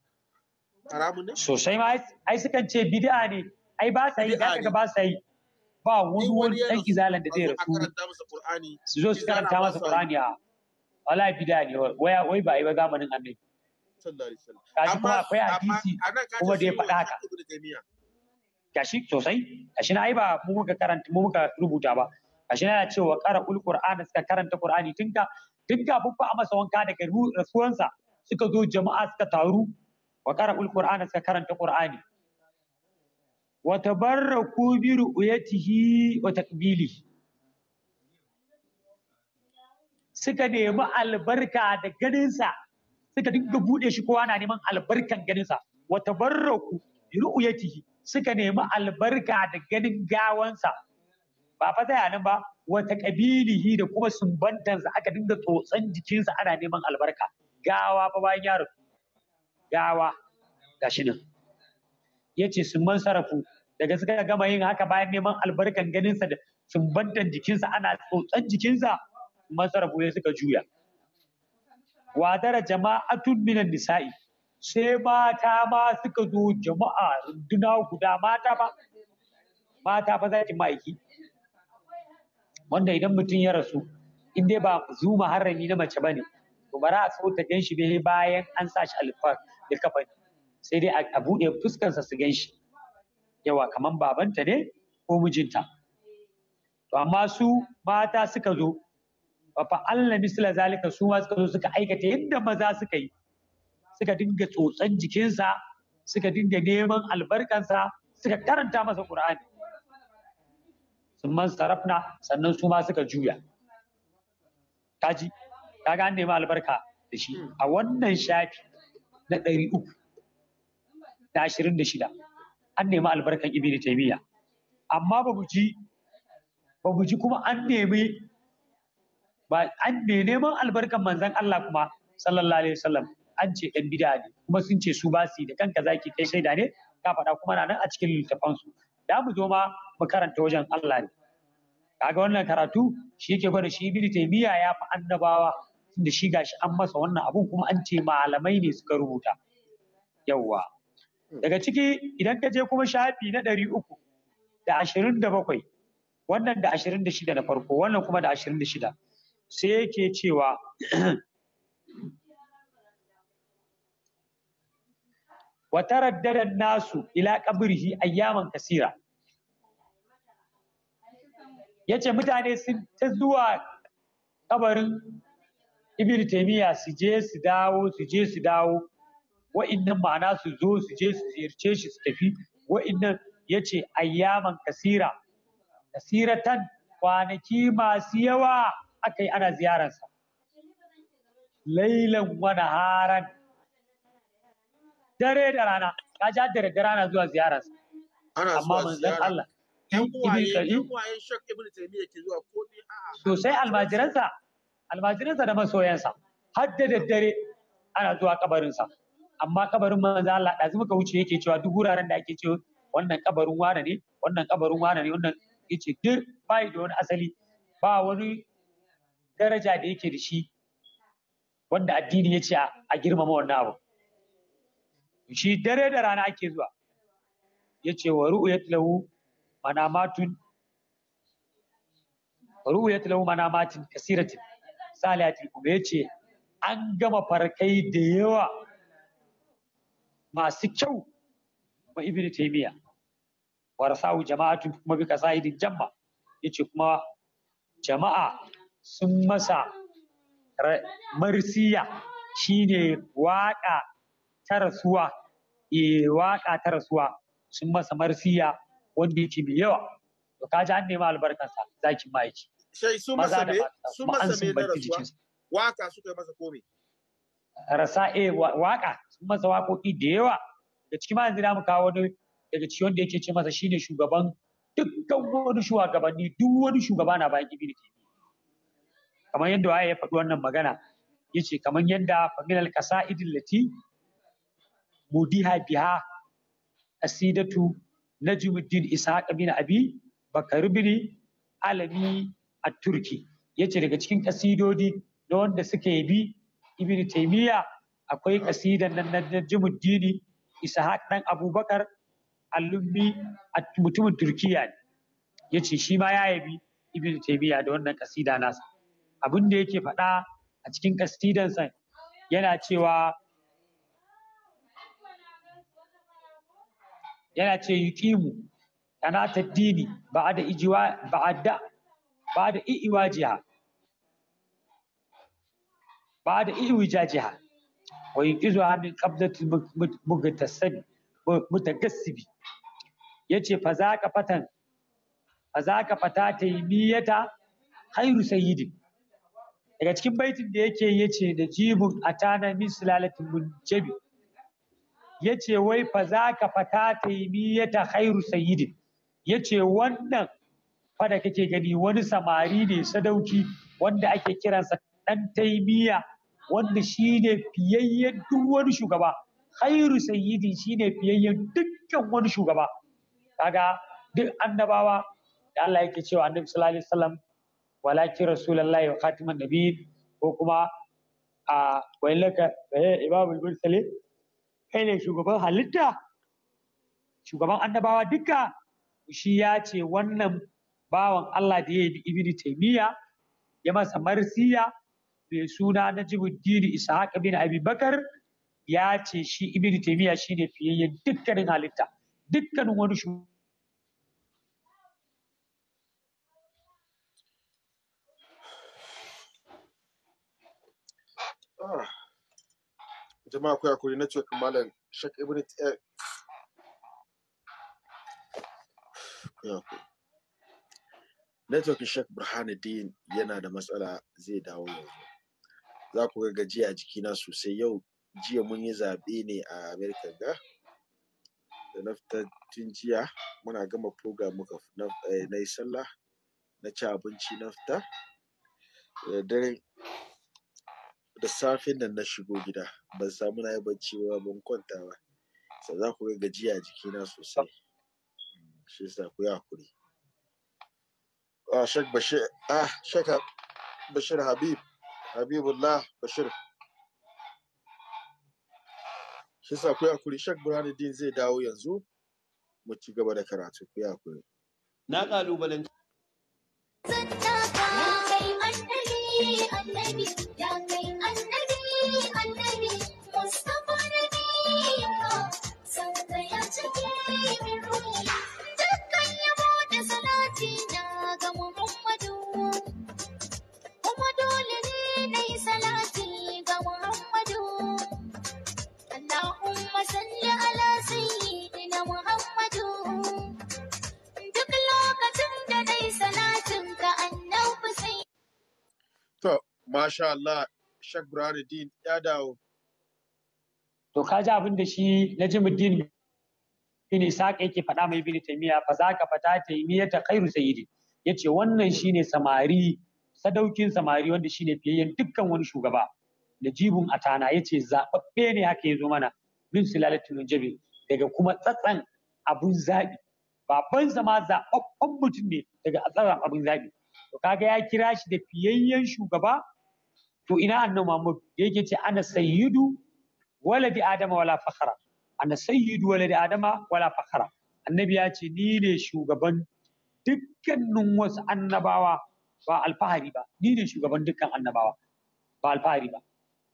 haramun ne sosai ma ai sukan ce bid'a ne ai ba sa yi da ka ba sa yi ba wani wani dan izalan da zai rasu a karanta masa qur'ani su zo su karanta masa Qur'ani a wallahi bid'a ne wai wai ba ai ba zamanin annabi sallallahu alaihi wasallam amma akwai hadisi kuma da ya faɗa haka gashi sosai gashi na ai ba mu muka karanta mu muka rubuta ba gashi na cewa kara ul suka karanta qur'ani tun ka tun ka bubba a masa wanka daga rasuwansa suka zo jama'a suka taru wa kara ul qur'ana suka karanta qur'ani wa tabarraku bi ru'yatihi wa taqbilihi suka nemi albarka da ganinsa suka dinga bude shi kowa na neman albarkan ganinsa wa tabarraku bi ru'yatihi suka nemi albarka da ganin gawansa ba fa ta nan ba wata kabilihi da kuma sumbantansa aka dinga tsotsan jikinsa ana neman albarka gawa fa bayan yaro gawa gashi nan yace sun man sarafu daga suka gama yin haka bayan neman albarkan ganinsa da sumbantan jikinsa ana tsotsan jikinsa man sarafu ya suka juya wadara jama'atun minan nisa'i sai mata ma suka zo jama'a runduna guda mata ba mata ba za ki ma'aiki wanda idan mutum ya rasu in dai ba zuma harami na mace ba ne to ba za a so ta gan shi bai bayan an sa shi alfar da kafa sai dai a buɗe fuskansa su gan shi yawa kaman babanta ne ko mijinta to amma su mata suka zo fa Allah misla zalika su ma suka zo suka aikata yadda maza suka yi suka dinga tsotsan jikinsa suka dinga neman albarkansa suka karanta masa Qur'ani sun man sarafna sannan su ma suka juya kaji kaga an nema albarka da shi a wannan shafi na ɗari uku da ashirin da shida an nemi albarkan ibn taimiyya amma ba mu ji ba mu ji kuma an nemi ba an ne neman albarkan manzon Allah kuma sallallahu alaihi wasallam an ce dan bid'a ne kuma sun ce su ba su da kanka za ki kai shaida ne ka faɗa kuma na nan a cikin littafan su da mu zo ma mu karanta wajen Allah ne kaga wannan karatu shi yake gwada shi ibnu taymiya ya fi annabawa tunda shi gashi an masa wannan abun kuma an ce malamai ne suka rubuta yawwa daga ciki idan ka je kuma shafi na ɗari uku da ashirin da bakwai wannan da ashirin da shida na farko wannan kuma da ashirin da shida sai yake cewa wa taraddada nasu ila qabrihi ayyaman kasira yace mutane sun ta zuwa kabarin ibn taymiya su je su dawo su je su dawo wa'annan ma'ana su zo su je su ziyarce shi su tafi wa'annan yace ayyaman kasira kasiratan kwanaki masu yawa aka yi ana ziyararsa lailan wani haran dare da rana ka dare da rana zuwa ziyarar amma manzon Allah sosai almajiransa sa da masoyansa har da dare ana zuwa kabarinsa amma kabarin manzon Allah ɗazu muka wuce yake cewa duk wuraren da ake cewa wannan kabarin wane ne wannan kabarin wane ne wannan yace duk bai da wani asali ba wani daraja da yake da shi wanda addini ya ce a girmama wannan abu shi dare da rana ake zuwa ya ce wa ru'uyat lahu manamatun wa manamatin kasiratin salihatin kuma ya ce an gama farkai da yawa masu kyau ma ibn taymiya wa rasahu jama'atun kuma bi kasaidin jamma yace kuma jama'a sun masa marsiya shine waka ta rasuwa e eh, waka ta rasuwa sun masa marsiya wanda yake mai yawa to ka ji an nema albarkansa zakin ma'aiki sai su masa ne sun masa ne na rasuwa waka suka yi masa komai rasa e eh, waka sun masa wakoki da yawa da cikin ma yanzu mu kawo wani daga cikin wanda yake ce masa shine shugaban dukkan wani shugabanni duk wani shugaba na bayan ibn kamar yadda waye ya faɗi wannan magana yace kamar yadda faminal qasaidil lati mudiha biha asidatu najmuddin ishaq bin abi bakar bin alami a turki yace daga cikin kasidodi da wanda suka bi ibn taymiya akwai kasidan nan na najmuddin ishaq dan abubakar allummi mutumin turkiya ne yace shi ma ya yabi ibn taymiya da wannan kasida nasa abin da yake faɗa a cikin ƙasidansa yana cewa yana ce yuqimu ta dini ba da ijiwa ba'da ba'da iwajiha ba'da jiha wa yuqizuha min qabdati mutagassibi mutagassibi yace fa ka fatan fa za ka fata ta taymiyata khairu sayyidin daga cikin baitin da yake yace da jibun atana min mun jabi. Yace wai fa za ka fata ta hairu sayyidin ya ce wannan fa da kake gani wani samari ne sadauki wanda ake kiransa dan taimiya wanda shi ne fiyayyen duk wani shugaba khairu sayidi shi ne fiyayyen dukkan wani shugaba kaga duk annabawa da Allah yake cewa annabi sallallahu alaihi wasallam walaki rasulullahi wa khatimun nabiyyi ko kuma a wailaka eh imamul mursalin kai ne shugaban halitta shugaban annabawa duka shi ya ce wannan bawan Allah da ya yi ibini taimiyya ya masa marsiya mai suna na jibuddini ishaq bin abi bakar ya ce shi ibini taimiyya shine fiyayyen dukkanin halitta dukkanin wani shugaban ah. jama'a ku hakuri na cewa malam shak ibn eh, network shak burhanuddin yana da matsala zai dawo yanzu za ku ga gajiya jikina sosai yau jiya mun yi zaɓe ne a america ga da nafta tun jiya muna gama program muka eh, na yi sallah na ci abinci na fita dare. da safen nan na shigo gida ban samu na yi bacci ba ban kwanta ba sai za ku ga gajiya a jikina sosai shi yasa ku yi hakuri ah shek ah, bashir habib habibullah bashir zai dawo yanzu mu da karatu ku Masha Allah, Shek Burhanuddin ya dawo. To ka ji abin da shi Najimuddin bin Isaac yake faɗa mai bin Taymiya fa za ka fata Taymiya ta khairu sayyidi. Yace wannan shine samari sadaukin samari wanda shine fiyayyen dukkan wani shugaba. Najibun Atana yace zababbe ne haka yazo mana bin silalatul jabi daga kuma tsatsan abun zabi. Babansa ma zababban mutum ne daga tsatsan abun zabi. To kaga ya kira shi da fiyayyen shugaba to ina annabi Muhammad ke ce ana sayyidu bi adama wala fakhara ana sayyidu bi adama wala fakhara annabi ya ce ni ne shugaban dukkanin wasu annabawa ba alfahari ba ni ne shugaban dukkan annabawa ba alfahari ba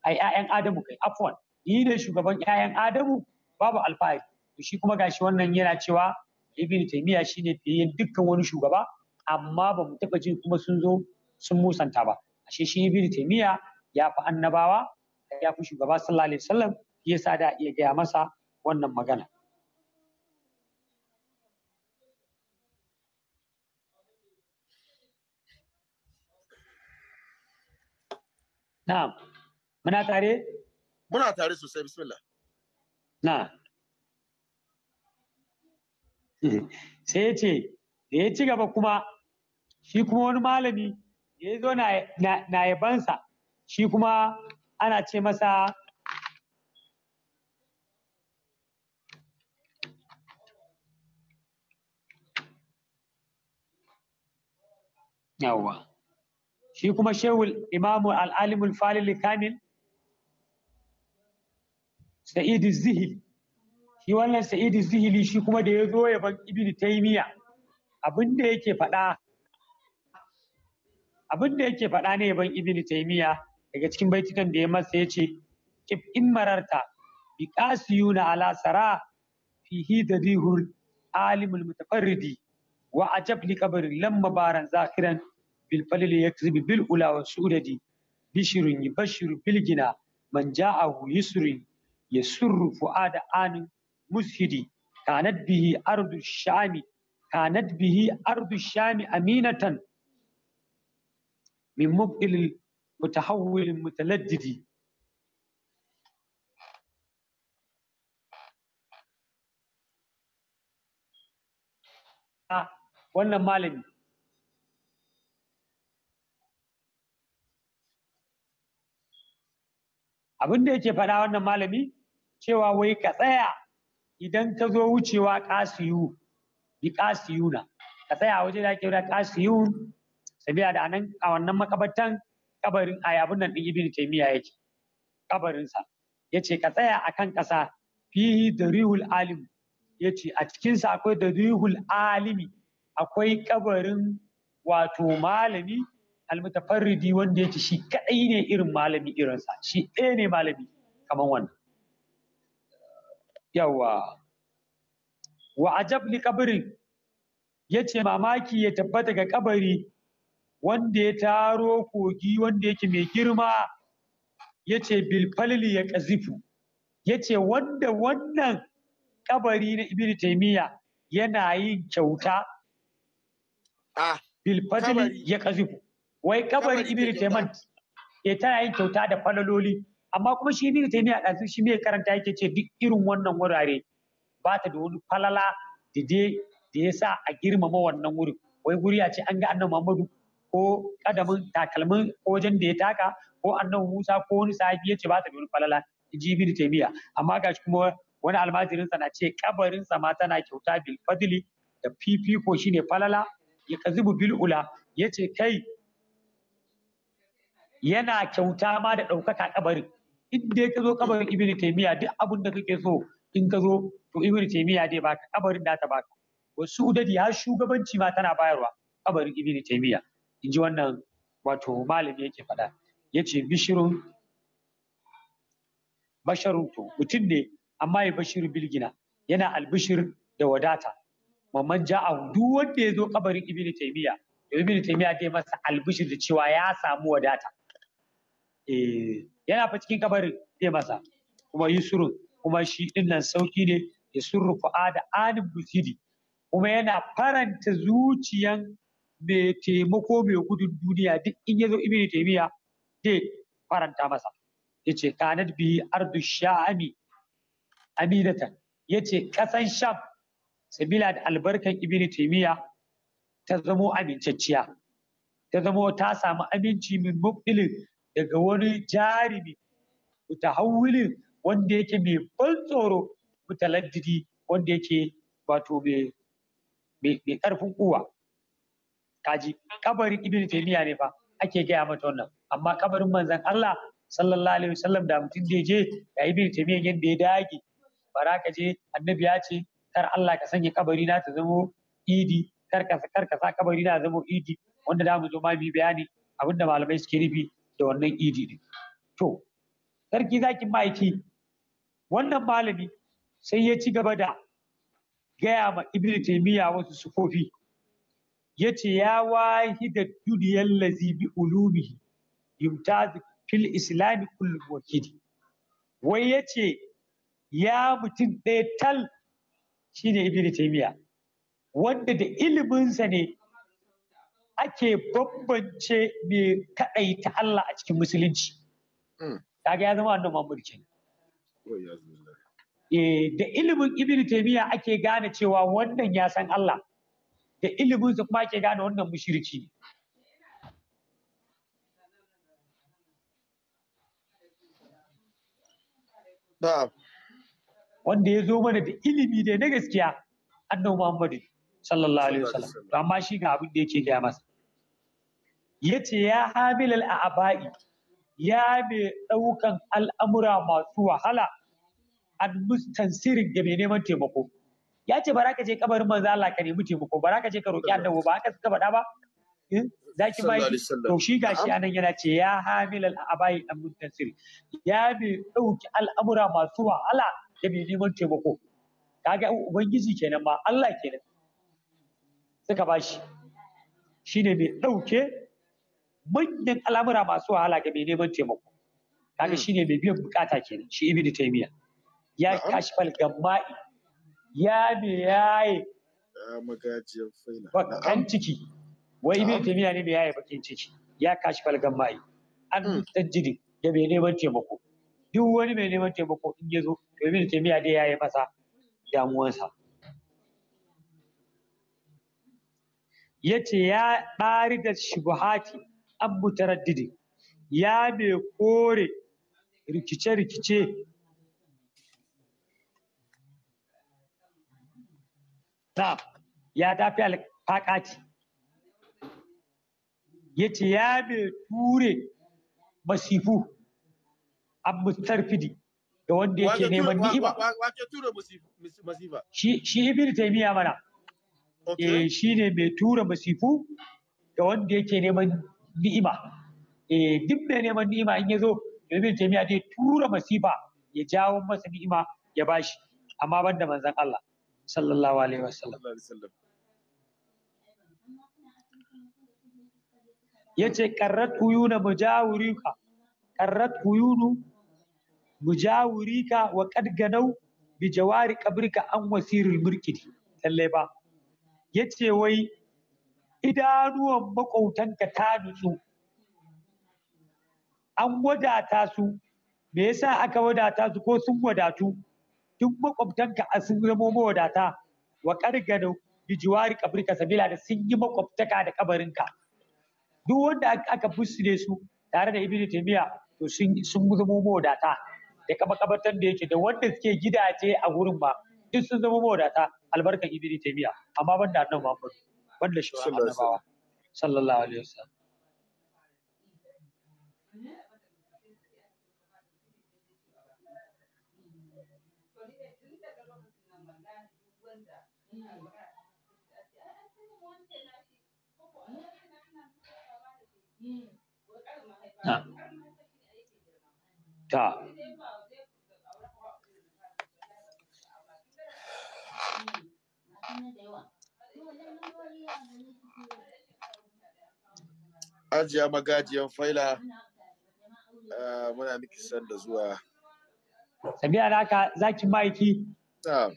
ai ƴaƴan adamu kai afwan ni ne shugaban ƴaƴan adamu babu alfahari to shi kuma gashi wannan yana cewa ibn taymiya shine fiye dukkan wani shugaba amma ba mu taba jin kuma sun zo sun musanta ba ashe shi ibnu taymiya ya fi annabawa ya fi shugaba sallallahu alaihi wasallam yasa da iya gaya masa wannan magana Na'am. Muna tare? Muna tare sosai, bismillah. Na'am. Eh, sai ya ce, da ya ci gaba kuma, shi kuma wani malami ya zo na yabansa shi kuma ana ce masa yawwa shi kuma shehul imamu al'alimul falil kamil sa'idu zihil shi wannan sa'idu zihili shi kuma da ya zo yaban ibn taimiya Abinda yake faɗa abin da yake faɗa ne ban ibnu taymiya daga cikin baitukan da ya masa yace kif in mararta bi qasiyuna ala sara fihi dadihur alimul mutafarridi wa ajab li qabri lamma baran zakiran bil falil yakzibi bil ula wa sudadi bishirun yubashiru bil gina man ja'ahu yusri yasurru fuada an mushidi kanat bihi ardu shami kanat bihi ardu shami aminatan من مبدل متحول متلدد wannan malami abin da yake faɗa wannan malami cewa wai ka tsaya idan ka zo wucewa kasiyu bi kasiyuna ka tsaya waje da ake kira kasiyun sabila da anan a wannan makabartan kabarin ai abin nan din ibn taymiya yake kabarin sa yace ka tsaya akan kasa fihi darihul alim yace a cikin sa akwai darihul alimi akwai kabarin wato malami almutafarridi wanda yake shi kadai ne irin malami irinsa shi ɗaya ne malami kaman wannan yawa wa ajab li kabrin yace mamaki ya tabbata ga kabari wanda ya taro kogi wanda yake mai girma ya ce bilfalli ya ƙazifu ya ce wanda wannan kabari na ibn taimiyya yana yin kyauta ah, bilfalli ya ƙazifu wai kabari ibn taiman ya eh, tana yin kyauta da falaloli amma kuma shi ibn taimiyya ɗazu shi mai karanta yake ce duk irin wannan wurare ba ta da wani falala da ya sa a girmama wannan wurin wai guri a ce an ga annabi muhammadu ko kadamin takalmin ko wajen da ya taka ko annabi Musa ko wani sahabi yace ce ba ta da wani falala ji da taimiya amma gashi kuma wani sa na ce sa ma tana kyauta bil fadli da fifiko shine falala ya kazibu bil ula ya ce kai yana kyauta ma da ɗaukaka kabarin inda ka zo kabarin ibn Taymiya duk abin da kake so in ka zo to ibn Taymiya dai baka kabarin da ta baka wasu udadi har shugabanci ma tana bayarwa kabarin ibn Taymiya in ji wannan wato malami yake faɗa ya ce bishirun basharun mutum ne amma ya bashir bilgina yana albishir da wadata mamman ja'a duk wanda ya zo kabarin ibnu taymiya ibnu taymiya dai masa albishir da cewa ya samu wadata eh yana fa cikin kabarin dai masa kuma surun, kuma shi din nan sauki ne ya surrufa da anin kuma yana faranta zuciyan mai taimako mai gudun duniya duk in yazo zo ibn zai faranta masa ya ce. kanat bi ardu sha'ami aminatan ya ce kasan sham sabila da albarkan ibn ta zamo amincacciya ta zamo ta samu aminci min mubdilin daga wani jarimi mutahawwilin wanda yake mai ban tsoro mutaladdidi wanda yake wato mai karfin kuwa kaji kabarin ibn taymiya ne fa ake gaya mata wannan amma kabarin manzon Allah sallallahu alaihi wasallam da mutum da je da ibn taymiya yadda ya dage bara ka je annabi ya ce kar Allah ka sanya kabari na ta zamo idi kar ka kar ka sa kabari na zamo idi wanda da mu zo ma bi bayani abinda malamai suke rufi da wannan idi din to sarki zakin ma'aiki wannan malami sai ya ci gaba da gaya ma ibn taymiya wasu sufofi ya ce ya wahida duniyar Lazibi bi ulumihi yumtazu fil islami kullum wakili wai ya ce ya mutum ɗaya tal shine ibnu taymiya wanda da iliminsa ne ake bambance mai kaɗai ta Allah a cikin musulunci hmm. kaga ya zama annabi Muhammad eh, da ilimin ibnu taymiya ake gane cewa wannan ya san Allah da ilimin su kuma ake gane wannan mushriki ne wanda ya zo mana da ilimi da na gaskiya annabi Muhammadu sallallahu alaihi wasallam to amma shi ga abin da yake gaya masa yace ya hamilal a'ba'i ya mai ɗaukan al'amura masu wahala an mustansirin ga mai neman taimako ya ce bara ka je kabarin manzo Allah ka nemi taimako bara ka je ka roki annabi ba haka suka faɗa ba eh, zaki bai to shi gashi anan yana ce ya hamil al abai an muntasir ya bi dauki al'amura masu wahala da bi neman taimako kaga ubangiji kenan ma Allah kenan suka bashi shine mai dauke manyan al'amura masu wahala ga mai neman taimako kaga hmm. shine mai biyan bukata kenan shi ibnu taymiya ya kashi fal gamma'i ya be yaye bakan ciki wai ibn taymiya ne be yaye bakin ciki ya kashi falgan hmm. mai an tajjidi da bai neman taimako duk wani mai neman taimako in ya zo to ibn taymiya dai yaye masa damuwansa yace ya bari da shubuhati an mutaraddidi ya mai kore rikice-rikice tap ya tafi alfaƙaci ya ce ya mai ture masifu an mustarfidi da wanda yake neman ni'ima shi ibn taymiya mana eh shi ne mai tura masifu da wanda yake neman ni'ima eh duk mai neman ni'ima in ya zo ibn taymiya zai tura masifa ya jawo masa ni'ima ya bashi amma ban da Allah sallallahu alaihi wasallam yace karrat uyuna mujawirika karrat uyunu mujawirika wa qad ganau bi jawari qabrika an wasirul murkidi lalle ba yace wai idanuwan makautanka ta nutsu an wadata su me yasa aka wadata su ko sun wadatu duk makwabtanka a sun zamo mawadata wa kargano bijiwari kabrika sabila da sun yi makwabtaka da kabarinka duk wanda aka fusine su tare da ibnu taymiya to sun zamo mawadata da kaba kabartar da yake da wanda suke gidaje a gurin ba duk sun zamo mawadata albarkan ibnu taymiya amma banda annabi Muhammad banda shawara annabawa sallallahu alaihi wasallam ta ajiya magajiyan faila ah, muna miki sanda zuwa sabiya naka zaki maiki na'am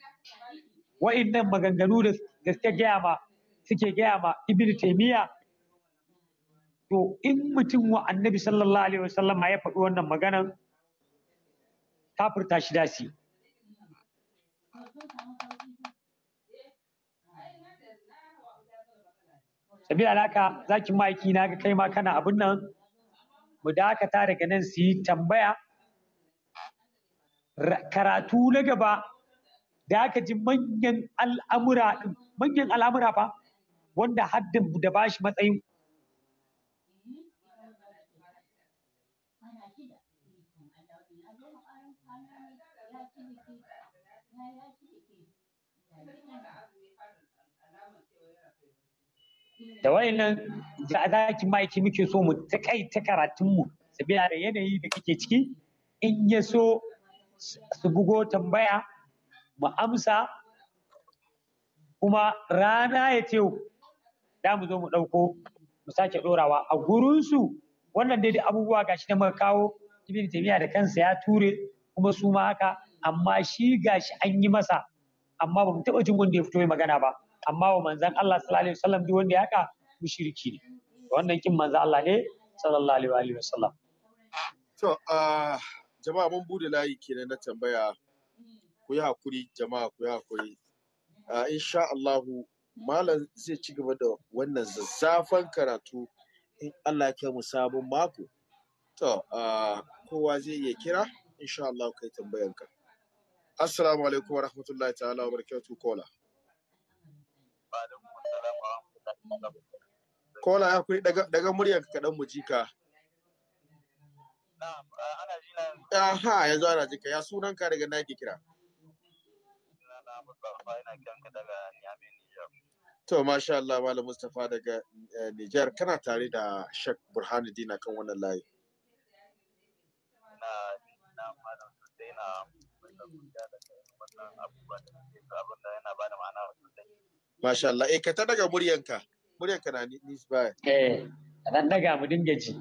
wa'innan maganganu da gaske gaya ma suke gaya ma ibnu taymiya to in mutum wa annabi sallallahu alaihi wasallam ya faɗi wannan maganan kafirta shi dasi sabila da haka zakin ma'aiki na ga kai ma kana abin nan mu dakata daga nan su yi tambaya karatu na gaba da aka ji manyan al'amura din manyan al'amura fa wanda haddin da ba shi matsayin da wayannan zakin ma'aiki muke so mu takaita karatunmu sabiya da yanayi da kake ciki in ya so su bugo tambaya mu amsa kuma rana ya ce da mu zo mu ɗauko mu sake ɗorawa a gurinsu wannan dai abubuwa gashi da muka kawo ibn taymiya da kansa ya ture kuma su ma haka amma shi gashi an yi masa amma ba mu taɓa jin wanda ya fito mai magana ba amma wa manzon Allah sallallahu alaihi wasallam duk wanda ya haka mushriki ne wannan kin manzon Allah ne sallallahu alaihi wasallam to ah, jama'a mun bude layi kenan na tambaya ku yi hakuri jama'a ku yi hakuri a insha Allahu malam zai ci gaba da wannan zazzafan karatu in Allah ya mu sabon mako to kowa zai iya kira insha Allahu kai ka assalamu alaikum wa rahmatullahi ta'ala wa barakatuh kola kola ya kuri daga muryar kaɗan mu jika Aha, yanzu ana jika ya sunan ka daga nake kira. To masha Allah Malam Mustafa daga eh, Niger kana tare da Sheikh Burhanuddin kan wannan layi. Na na malam sosai na abubuwan da yana bada ma'ana sosai. Masha Allah eh ka ta daga muryanka muryanka na nisba. Eh ka daga mu dinga ji.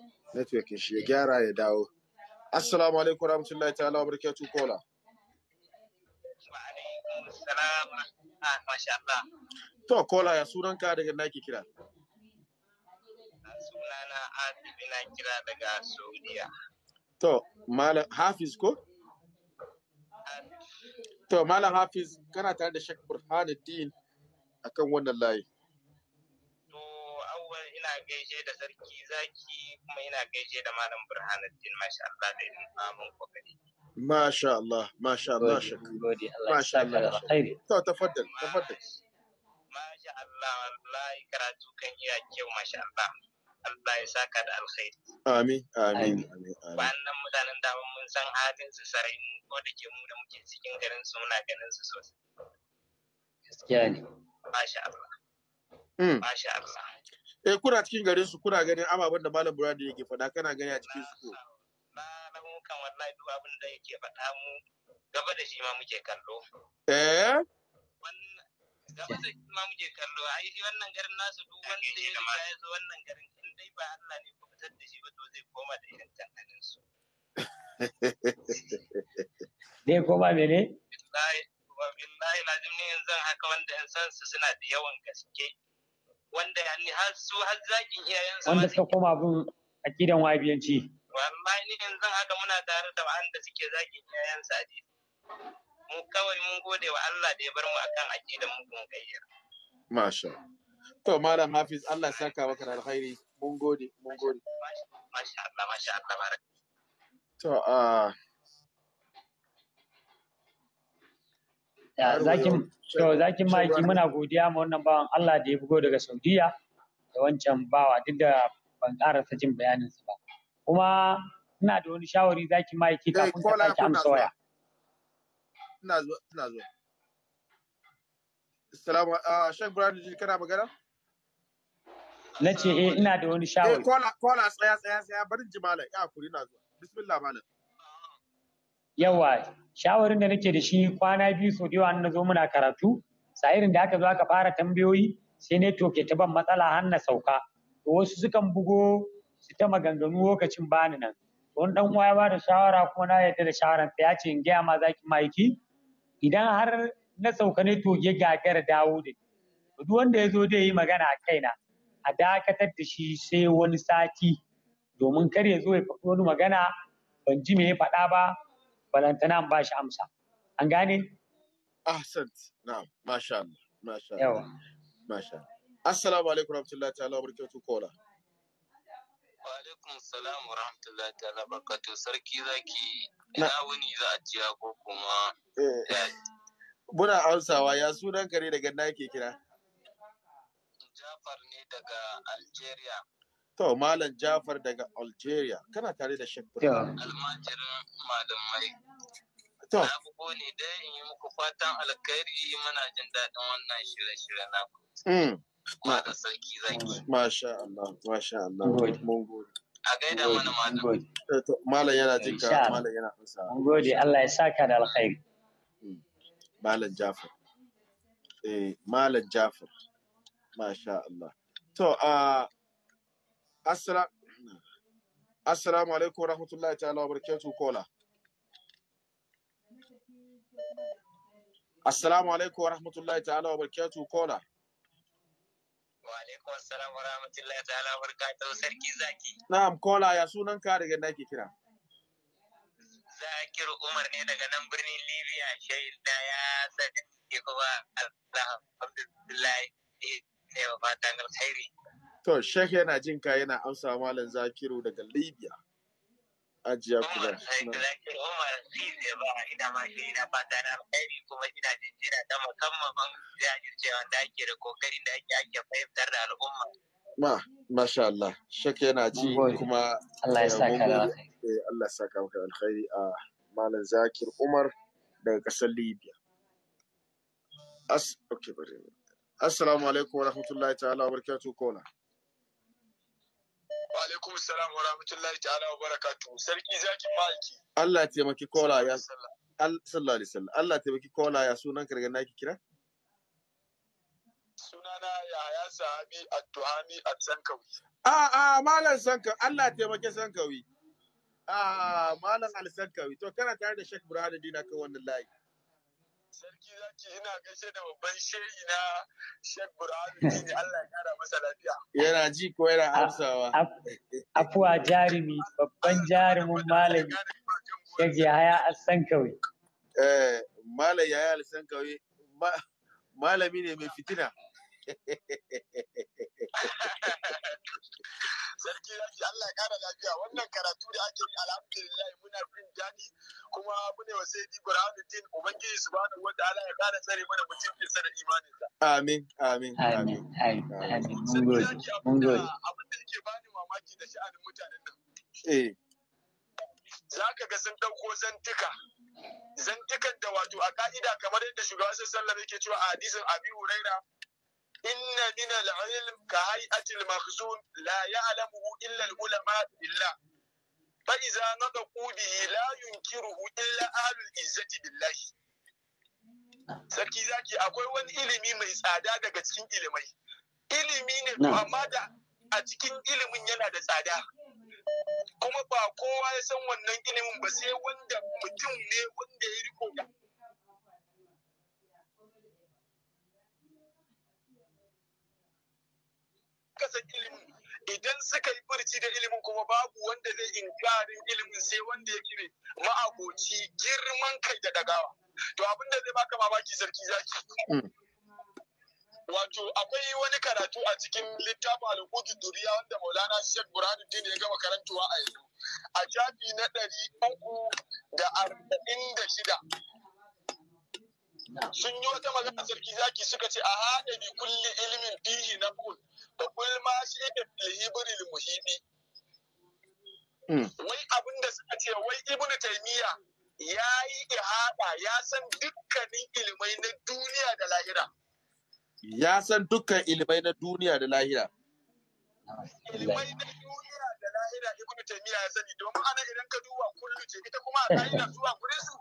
network shi ya gyara ya dawo assalamu alaikum rahmatullahi ta'ala wa barakatuh kola to kola ya sunan ka daga naki kira sunana na kira daga Saudiya. To, Malam Hafiz ko? To, Malam Hafiz, kana tare da Sheikh Burhanuddin akan wannan layi. abubuwan ina gaishe da sarki zaki kuma ina gaishe da malam burhanuddin masha Allah da yin amin kokari masha Allah masha Allah shakka masha Allah to tafaddal tafaddal masha Allah wallahi karatu kan iya kyau masha Allah Allah ya saka da alkhairi amin amin amin wannan mutanen da mun san halin su sarai ko da ke mu da muke cikin garin su muna ganin su sosai gaskiya ne masha Allah mm. masha Allah eh kuna cikin garin su kuna ganin ababen da malam Buradu yake faɗa kana gani a cikin su na na kan wallahi duk abin da yake faɗa mu gaba da shi ma muke kallo eh gaba da shi ma muke kallo ai shi wannan garin nasu duk wanda ya ya zo wannan garin in dai ba Allah ne ku fitar da shi ba to zai koma da irin tantanin su ne koma mene billahi billahi lazim ne yanzu haka wanda yan san su suna da yawan gaske wanda ya har su har zakin iyayensu wanda suka koma abin akidan wahabiyanci amma ni yanzu haka muna tare da wanda suke zakin iyayensu a mu kawai mun gode wa Allah da ya bar mu akan akidan mugun gayyar masha to malam hafiz Allah saka maka da alkhairi mun gode mun gode masha Allah masha Allah baraka to ah. a zakin To zakin maki muna godiya ma wannan bawan Allah da ya bugo daga Saudiya da wancan bawa duk da ban karasa jin bayaninsa ba. Kuma ina da wani shawari zakin maki eh, kafin ka sake amsa waya. Ina zo, ina zo. Assalamu a ah, Sheikh Brandon kana magana? Na ce eh ina da wani eh, shawari. kola kola tsaya tsaya tsaya barin ji ya kuri ina zo. Bismillah malam. yawa shawarin da nake da shi kwana biyu sau da yawa na zo muna karatu sa'irin da aka zo aka fara tambayoyi sai ne toke ta ban matsala har na sauka to wasu sukan bugo su ta maganganu lokacin bani nan wani dan uwa ya bada shawara kuma na yarda da shawaran sa ya ce in gaya ma zaki maiki idan har na sauka ne to ya gagara dawo da duk wanda ya zo zai yi magana a kaina a dakatar da shi sai wani sati domin kar ya zo ya faɗi wani magana ban ji me ya faɗa ba balantana ba shi amsa an gane ahsant na'am masha Allah masha Allah masha Allah assalamu alaikum warahmatullahi ta'ala wabarakatuh kola wa alaikum salam wa rahmatullahi ta'ala barakatuh sarki zaki ina wuni za a ciya ko kuma eh. muna amsawa ya sunan kare daga na ke kira jafar ne daga algeria To, Malam Jafar daga Algeria, kana tare da Sheikh Almajirin Mai. To. Na bugo ne dai in yi muku fatan alkhairi muna jin daɗin wannan shirye-shirye na ku. Malam sarki zaki. Masha Allah, masha Allah. Mun gode. A gaida mana malam. Eh, malam yana jin ka, malam yana ansa. Mun gode, Allah ya saka da alkhairi. Mm. Malam Jafar. Eh, Malam Jafar. Masha Allah. To, a ah, Assalamu Assalamu alaikum rahmatullahi ta'ala wa barakatuh kola. Assalamu alaikum rahmatullahi ta'ala wa barakatuh kola. Wa alaikum assalam rahmatullahi ta'ala wa barakatuh sarki zaki. Na'am kola ya sunan ka daga inda ke kira? Zakir Umar ne daga nan birnin Libya shaida ya sani kuma alhamdulillah ne wa fatan alkhairi. To, Sheikh yana jin ka yana amsa Malam Zakiru daga Libya. Ajiya kula. Zakiru, Umar Sisi ba ina ma shi ina fata na alkhairi kuma ina jinjina ta musamman ban jajircewa da ake da kokarin da ake ake fahimtar da al'umma. Ma, masha Allah. Sheikh yana ji kuma Allah ya eh, saka eh, Allah ya saka maka alkhairi a ah, Malam Zakir Umar daga ƙasar Libya. As, okay, bari. Assalamu alaikum wa rahmatullahi ta'ala wa barakatuh kola. alaikum salam wa rahmatullahi ta'ala wa barakatu, Sarki zaki ma'aiki. Allah taimaki kola ya sallallahu alaihi wasallam. Allah taimaki kola ya sunan karga naki kira? Sunana ya ya sahabi at-tuhami at-sankawi. A a malam sankawi Allah taimaki sankawi. A malam al-sankawi to kana tare da Sheikh Burhanuddin kan wannan layi. Sarki zaki ina gaishe da babban shehi na Sheikh Burhanu ne Allah ya kara masa lafiya. Yana ji ko yana amsawa. Afuwa jarumi babban jarumin malami. Sheikh Yahaya Alsan Kauye. Eh, Malam Yahaya Alsan Kauye malami ne mai fitina. sarki zaki Allah ya kara lafiya wannan karatu da ake yi alhamdulillah muna bin daɗi kuma mune wa sai Burhanuddin ubangiji subhanahu wataala ya kara tsare mana mutum sa da imanin sa amin amin amin amin mun gode mun gode abin da bani mamaki da sha'anin mutanen nan eh zaka ga sun dauko zantuka zantukan da wato a ka'ida kamar yadda shugaban sallallahu alaihi wasallam yake cewa a hadisin Abi Huraira inna min al-ilm ka hay'ati al-makhzun la ya'lamuhu illa al billah fa idza nadaqu bihi la yunkiruhu illa ahlul izzati sarki zaki akwai wani ilimi mai tsada daga cikin ilimai ilimi ne amma da a cikin ilimin yana da tsada kuma ba kowa ya san wannan ilimin ba sai wanda mutum ne wanda ya riko haddasa ilimin idan suka yi furci da ilimin kuma babu wanda zai inkarin ilimin sai wanda ya kire ma'aboci girman kai da dagawa to abin da zai baka mamaki sarki zaki mm. wato akwai wani karatu a cikin littafin alhudu duriya wanda maulana shek burhanuddin ya gama karantuwa a yanzu a jabi na ɗari uku da arba'in da shida sun yi wata magana mm. sarki zaki suka ce a haɗa bi kulli ilimin fihi na kun da kulma shi da filhibiril muhimmi. Mm. wai abin da suka ce wai ibnu taimiyya ya yi ihaɗa ya san dukkanin ilimai na duniya da lahira ya san dukkan ilimai na duniya da lahira ilimai na duniya ka'ida ibn taymiya ya sani domin ana idan ka duba kullu ce ita kuma a eh. zuwa gurin su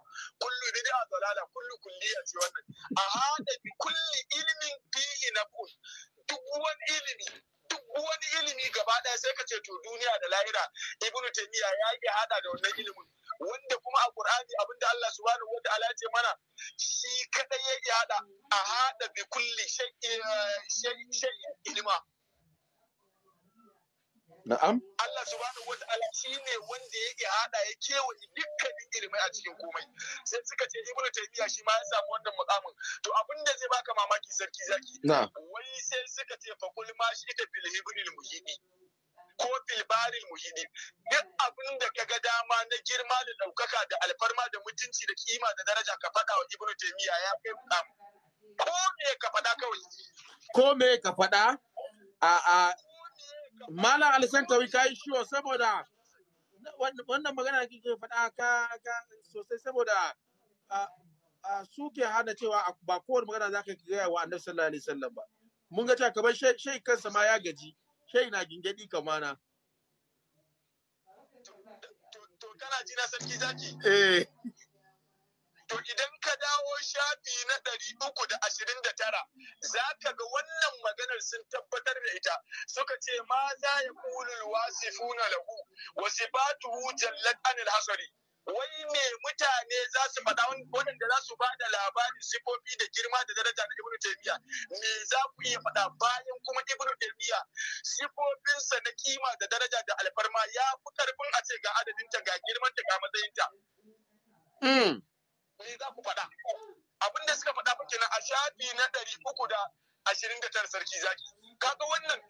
kullu bid'a dalala kullu kulliya ce wannan a hada bi kulli ilmin fihi naqul duk wani ilimi duk wani ilimi gaba ɗaya sai ka ce to duniya da lahira ibn taymiya ya yi hada da wannan ilimin wanda kuma a Qur'ani abinda Allah subhanahu wataala ya ce mana shi kadai ya hada a hada bi kulli shay'in shay'in ilma Na'am. Allah subhanahu wa ta'ala ne wanda ya haɗa ya kewaye dukkanin ilimai a cikin komai. Sai suka ce Ibn Taymiyyah shi ma ya samu wannan mukamin. To abin da zai baka mamaki sarki zaki. Wai sai suka ce fa kul ma shi ta fil hibril muhidi. Ko fil baril muhidi. Duk abin da ga dama na girma da daukaka da alfarma da mutunci da kima da daraja ka faɗa wa Ibn Taymiyyah ya kai mukamin. Ko me ka faɗa kawai? Ko me ka faɗa? A'a Malam Alisan Tawi ka yi shiwo saboda wannan magana da kike faɗa ka sosai saboda su ke hana cewa ba kowane magana za ka gaya wa annabi sallallahu alaihi wasallam ba. Mun ga cewa kamar shai kansa ma ya gaji, shai na gingadi kamana. To kana ji na sarki zaki? Eh. to idan ka dawo shafi na ɗari uku da ashirin da tara za ka ga wannan maganar sun tabbatar da ita suka ce ma za ya kulul wasifuna lahu wasifatuhu jallat anil hasari wai me mutane za su faɗa waɗanda za su bada labarin sifofi da girma da daraja na Ibn taymiya me za ku iya faɗa bayan kuma Ibn taymiya sifofinsa na kima da daraja da alfarma ya fi karfin a ce ga adadinta ga girmanta ga matsayinta hmm. A za ku faɗa abin da suka faɗa kenan a shafi na ɗari uku da ashirin da tara sarki zaki kaga wannan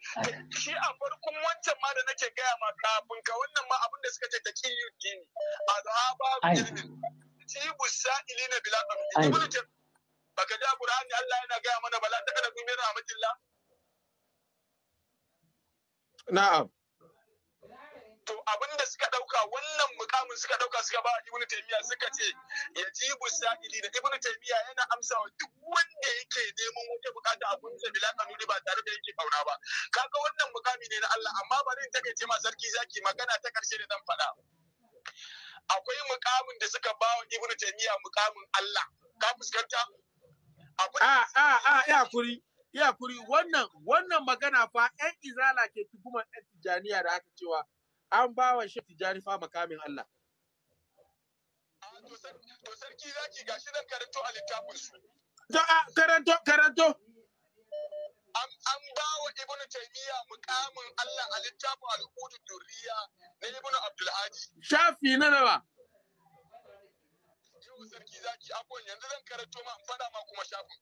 shi a farkon wancan ma da nake gaya ma kafin ka wannan ma abin da suka ce ta kiyu dini azhaba jirgin tibu sa'ilina bila qamdi baka ja qur'ani Allah yana gaya mana bala ta kana gumin rahmatillah na'am to abinda suka dauka wannan mukamin suka dauka suka ba ibnu taymiya suka ce yajibu sa'ili da ibnu taymiya yana amsawa duk wanda yake neman wata bukata a gunsa bila kanuni ba tare da yake kauna ba kaga wannan mukami ne na Allah amma bari in ce ma sarki zaki magana ta karshe da zan faɗa akwai mukamin da suka ba wa ibnu taymiya mukamin Allah ka fuskanta a a a ya kuri ya kuri wannan wannan magana fa ƴan izala ke tuhumar ƴan tijaniya da aka cewa an ba wa shi tijani fa makamin Allah. Ah, to sarki zaki gashi zan karanto a littafin su. To a karanto karanto. An ba wa Ibn Taymiyyah mukamin Allah a littafin al'udu durriya na Ibn Abdulhaji. Shafi na nawa. Yau sarki zaki abuwan yanzu zan karanto ma in fada ma kuma shafin.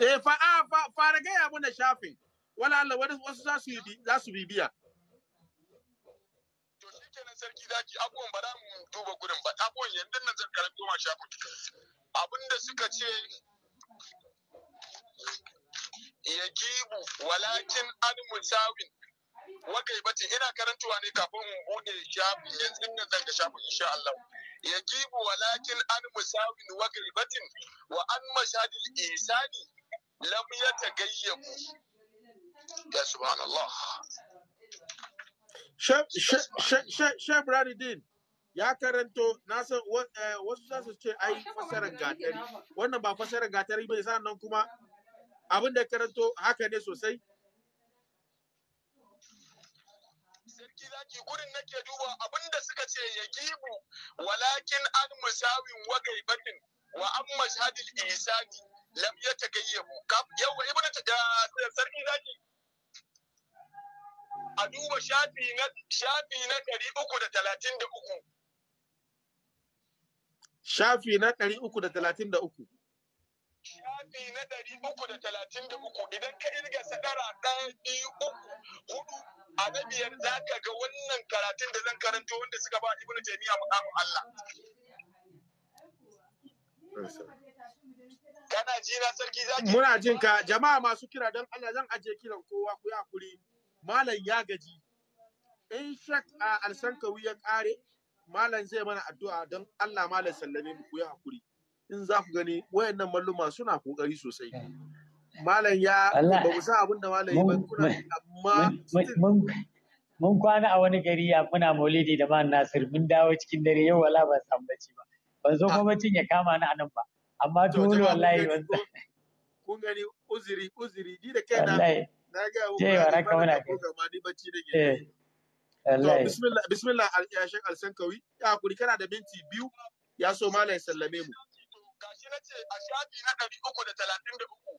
Eh fa a fara gaya mana shafin. Wala Allah wasu za su bibiya. kenan sarki zaki abubuwan ba za mu duba gudun ba abubuwan yanzu nan zan karanta ma shafin abinda suka ce ya gibu walakin an musawin wakai bace ina karantuwa ne kafin mu bude shafin yanzu nan zan ga shafin insha Allah ya gibu walakin an musawin wakai batin wa an mashadil isani lam yatagayyabu ya subhanallah Shef Radidin ya karanto na san eh, wasu za su ce ai oh, fasarar gatari wannan ba fasarar gatari bai nan kuma abin da karanto haka ne sosai sarki zaki gurin nake duba abin da suka ce ya gibu walakin an musawin wa gaibatin wa an mashadil isani lam ya tagayyabu yawa ibnu eh, sarki zaki a duba shafi na ɗari uku da talatin da uku. Shafi na ɗari uku da talatin da uku. Shafi na ɗari uku da talatin da uku idan ka irga sadara ɗaya biyu uku hudu a na biyar za ka ga wannan karatun da zan karanto wanda suka ba Ibn mu mu'amun Allah. Kana ji na sarki zaki? Muna jin ka jama'a masu kira don Allah zan ajiye kiran kowa ku yi hakuri. malam ya gaji in shak alsankawi ya kare malam zai mana addu'a don Allah malam sallame mu ku yi hakuri in za ku gani wayannan malluma suna kokari sosai malam ya ba ku san abin da malam ya kuna amma mun kwana a wani gari ya kuna maulidi da man nasir mun dawo cikin dare yau wala ban san bace ba ban zo ah. kuma ya kama ni anan ba amma dole wallahi ban kun gani uzuri uzuri ni da kai na na ga abu ba na kawo na ko ma ni bacci da ke eh, to bismillah bismillah ya shek alsankawi ya kuri kana da minti biyu ya so ma malai sallame mu gashi na ce a shafi na ɗari uku da talatin da uku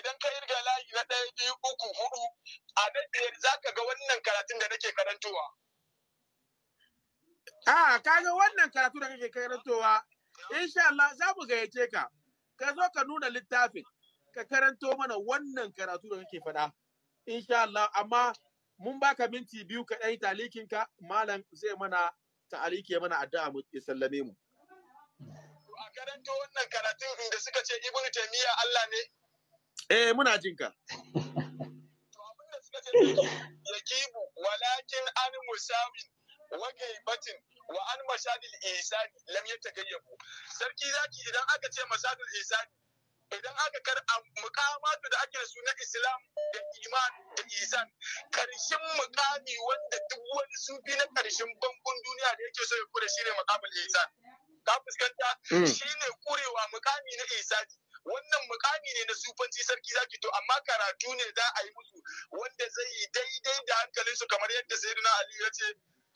idan ka irga layi na ɗaya biyu uku hudu a daɗiyar za ka ga wannan karatun da nake karantowa. A kaga wannan karatu da kake karantowa insha Allah za mu gayyace ka ka zo ka nuna littafin ka karanto mana wannan karatu da kake faɗa insha Allah amma mun baka minti biyu ka dai talikin ka malam zai mana ta'aliki ya mana addu'a mu ya sallame mu a karanta wannan karatun inda suka ce ibnu taymiya Allah ne eh muna jin ka To suka ce rakibu walakin an musawin wa gaibatin wa an mashadil ihsani lam yatagayyabu sarki zaki idan aka ce mashadil ihsani idan aka kar mukamatu da ake su na islam da iman da isan karshen mukami wanda duk wani sufi na karshen bangon duniya da yake so ya kure shine mukamin isan ka fuskanta hmm. shine kurewa mukami na isan wannan mukami ne na sufanci sarki zaki to amma karatu ne za a yi musu wanda zai yi daidai da hankalinsu kamar yadda sayyidina ali ya ce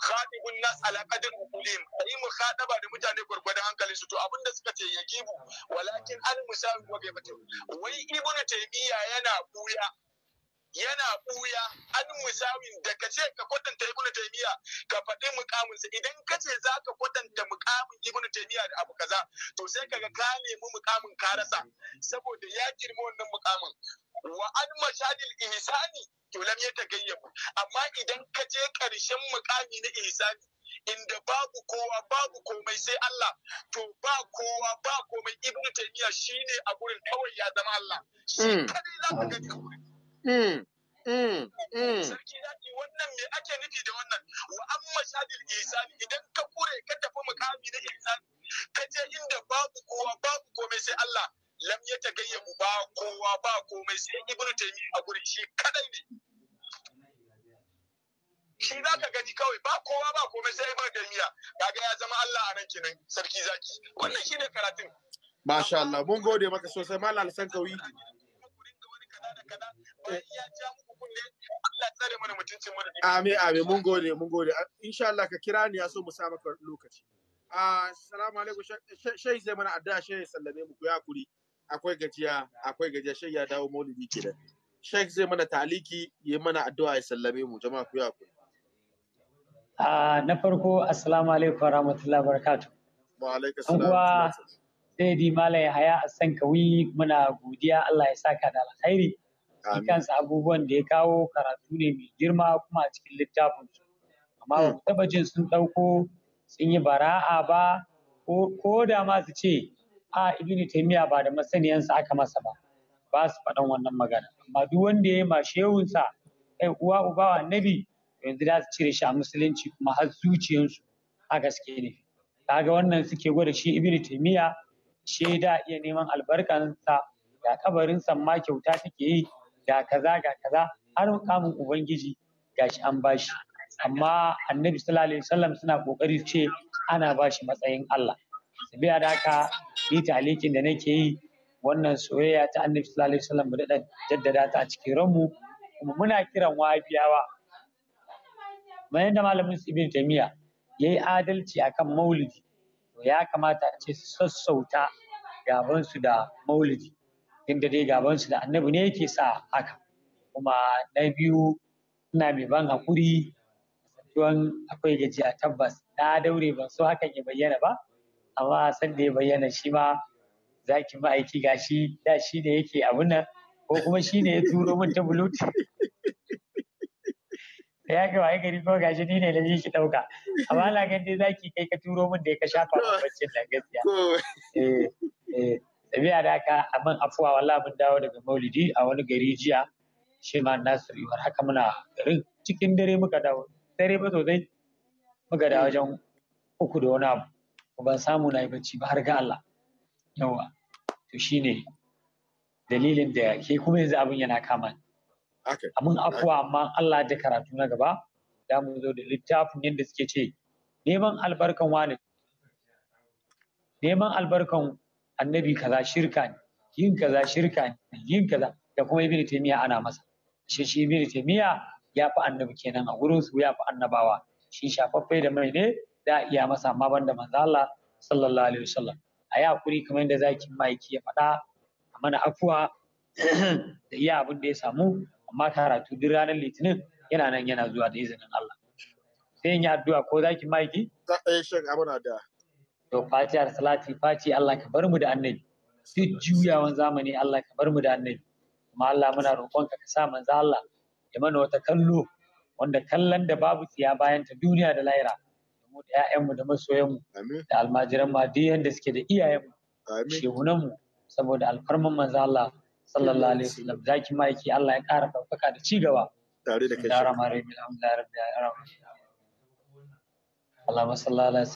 khatibun nas ala qadar uqulim kai mu khadaba da mutane gurgurdan hankalin su to da suka ce ya gibu walakin al musawi wa gaibatu wai ibnu taymiya yana buya yana ɓuya an musawin da ka ce ka kwatanta ibn taymiya ka faɗi mukaminsa idan ka ce za ka kwatanta mukamin ibn taymiya da abu kaza to sai ka ga ka nemi mukamin ka rasa saboda ya girma wannan mukamin wa an mashadil ihsani to lam yataghayyabu amma idan ka je karshen mukami na ihsani inda babu kowa babu komai sai Allah to ba kowa ba komai ibn taymiya shine a gurin kawai ya zama Allah shi hmm. kadai za ka gani Mm, mm, sarki mm. zaki wannan me ake nufi da wannan wa amma shadil ihsani idan ka kure ka tafi mukami na ihsani ka je inda babu kowa babu komai sai Allah lam ya tagayyamu ba kowa ba komai sai ibnu taymiya a gurin shi kadai ne shi za ka gaji kawai ba kowa ba komai sai ibnu taymiya kaga ya zama Allah a nan kenan sarki zaki wannan shine karatun Masha Allah, mun gode maka sosai, Malam Alsan Kawi. Amin, amin, mun gode, mun gode. Insha Allah ka kira ni ya so mu sa maka lokaci. Assalamu alaikum, shai zai mana addu'a shai sallame mu ku ya kuri. Akwai gajiya, akwai gajiya, shai ya dawo maulidi kenan. Sheikh zai mana taliki ya mana addu'a ya sallame mu jama'a ku ya kuri. na farko assalamu alaikum wa rahmatullahi Wa alaikum salam. Sai di Malam a san Kawi muna godiya Allah ya saka da alkhairi. kansa abubuwan da ya kawo karatu ne mai girma kuma a cikin littafin su amma ba taɓa jin sun ɗauko sun yi bara'a ba ko da ma su ce a ibnu taymiya ba da masaniyansa aka masa ba ba su faɗan wannan magana amma duk wanda ya yi ma shehunsa kai uwa uba annabi yanzu da su cire shi a musulunci kuma har zuciyarsu a gaske ne kaga wannan suke gwada shi ibnu taymiya shaida iya neman albarkansa ga kabarin ma kyauta take yi ga kaza ga kaza har kamun ubangiji gashi an bashi amma annabi sallallahu alaihi wasallam suna kokari ce ana bashi matsayin Allah sabiya da haka ni talikin da nake yi wannan soyayya ta annabi sallallahu alaihi wasallam da jaddada ta a cikin ranmu kuma muna kiran wafiyawa bayan da malamin ibn taymiya yayi adalci akan maulidi to ya kamata a ce sassauta gaban su da maulidi duk da dai gabansu da annabi ne yake sa haka kuma na biyu ina mai ban hakuri don akwai gajiya tabbas na daure ban so hakan ya bayyana ba amma san da ya bayyana shi ma za zaki ma'aiki gashi da shi ne yake abun nan ko kuma shi ne ya turo min ta bulut ya ga wai gari ko gashi ni ne da shi dauka amma na gan dai zaki kai ka turo min da ka shafa baccin nan gaskiya eh eh tafiya da haka abin afuwa wala mun dawo daga maulidi a wani gari jiya shi ma nasu yiwuwar haka muna garin cikin dare muka dawo dare ba sosai muka dawo wajen uku da wani abu ban samu na yi bacci ba har ga Allah yawa to shine dalilin da ke kuma yanzu abin yana kama abin afuwa amma Allah da karatu na gaba za mu zo da littafin yadda suke ce neman albarkan wani neman albarkan annabi kaza shirka ne yin kaza shirka ne yin kaza da kuma ibnu taymiya ana masa shi shi ibnu taymiya ya fi annabi kenan a gurin su ya fi annabawa shi shafaffe da mai ne za a iya masa amma banda manzo Allah sallallahu alaihi wasallam a yi hakuri kamar yadda zakin maiki ya faɗa a mana afuwa da iya abin da ya samu amma karatu duk ranar litinin yana nan yana zuwa da izinin Allah sai in yi addu'a ko zakin maiki za a yi eh, shan abuna da yau fatiyar salati fati Allah ka bar mu da annabi duk juyawan zamani Allah ka bar mu da annabi kuma Allah muna roƙon ka sa manzo Allah ya mana wata kallo wanda kallon da babu tsiya bayan ta duniya da lahira da mu da ƴaƴanmu da masoyanmu da almajiran ma duk yanda suke da iyayenmu mu saboda alfarman manzo Allah sallallahu alaihi wasallam zaki ma yake Allah ya ƙara ɗaukaka da cigaba tare da kai Allahumma salli ala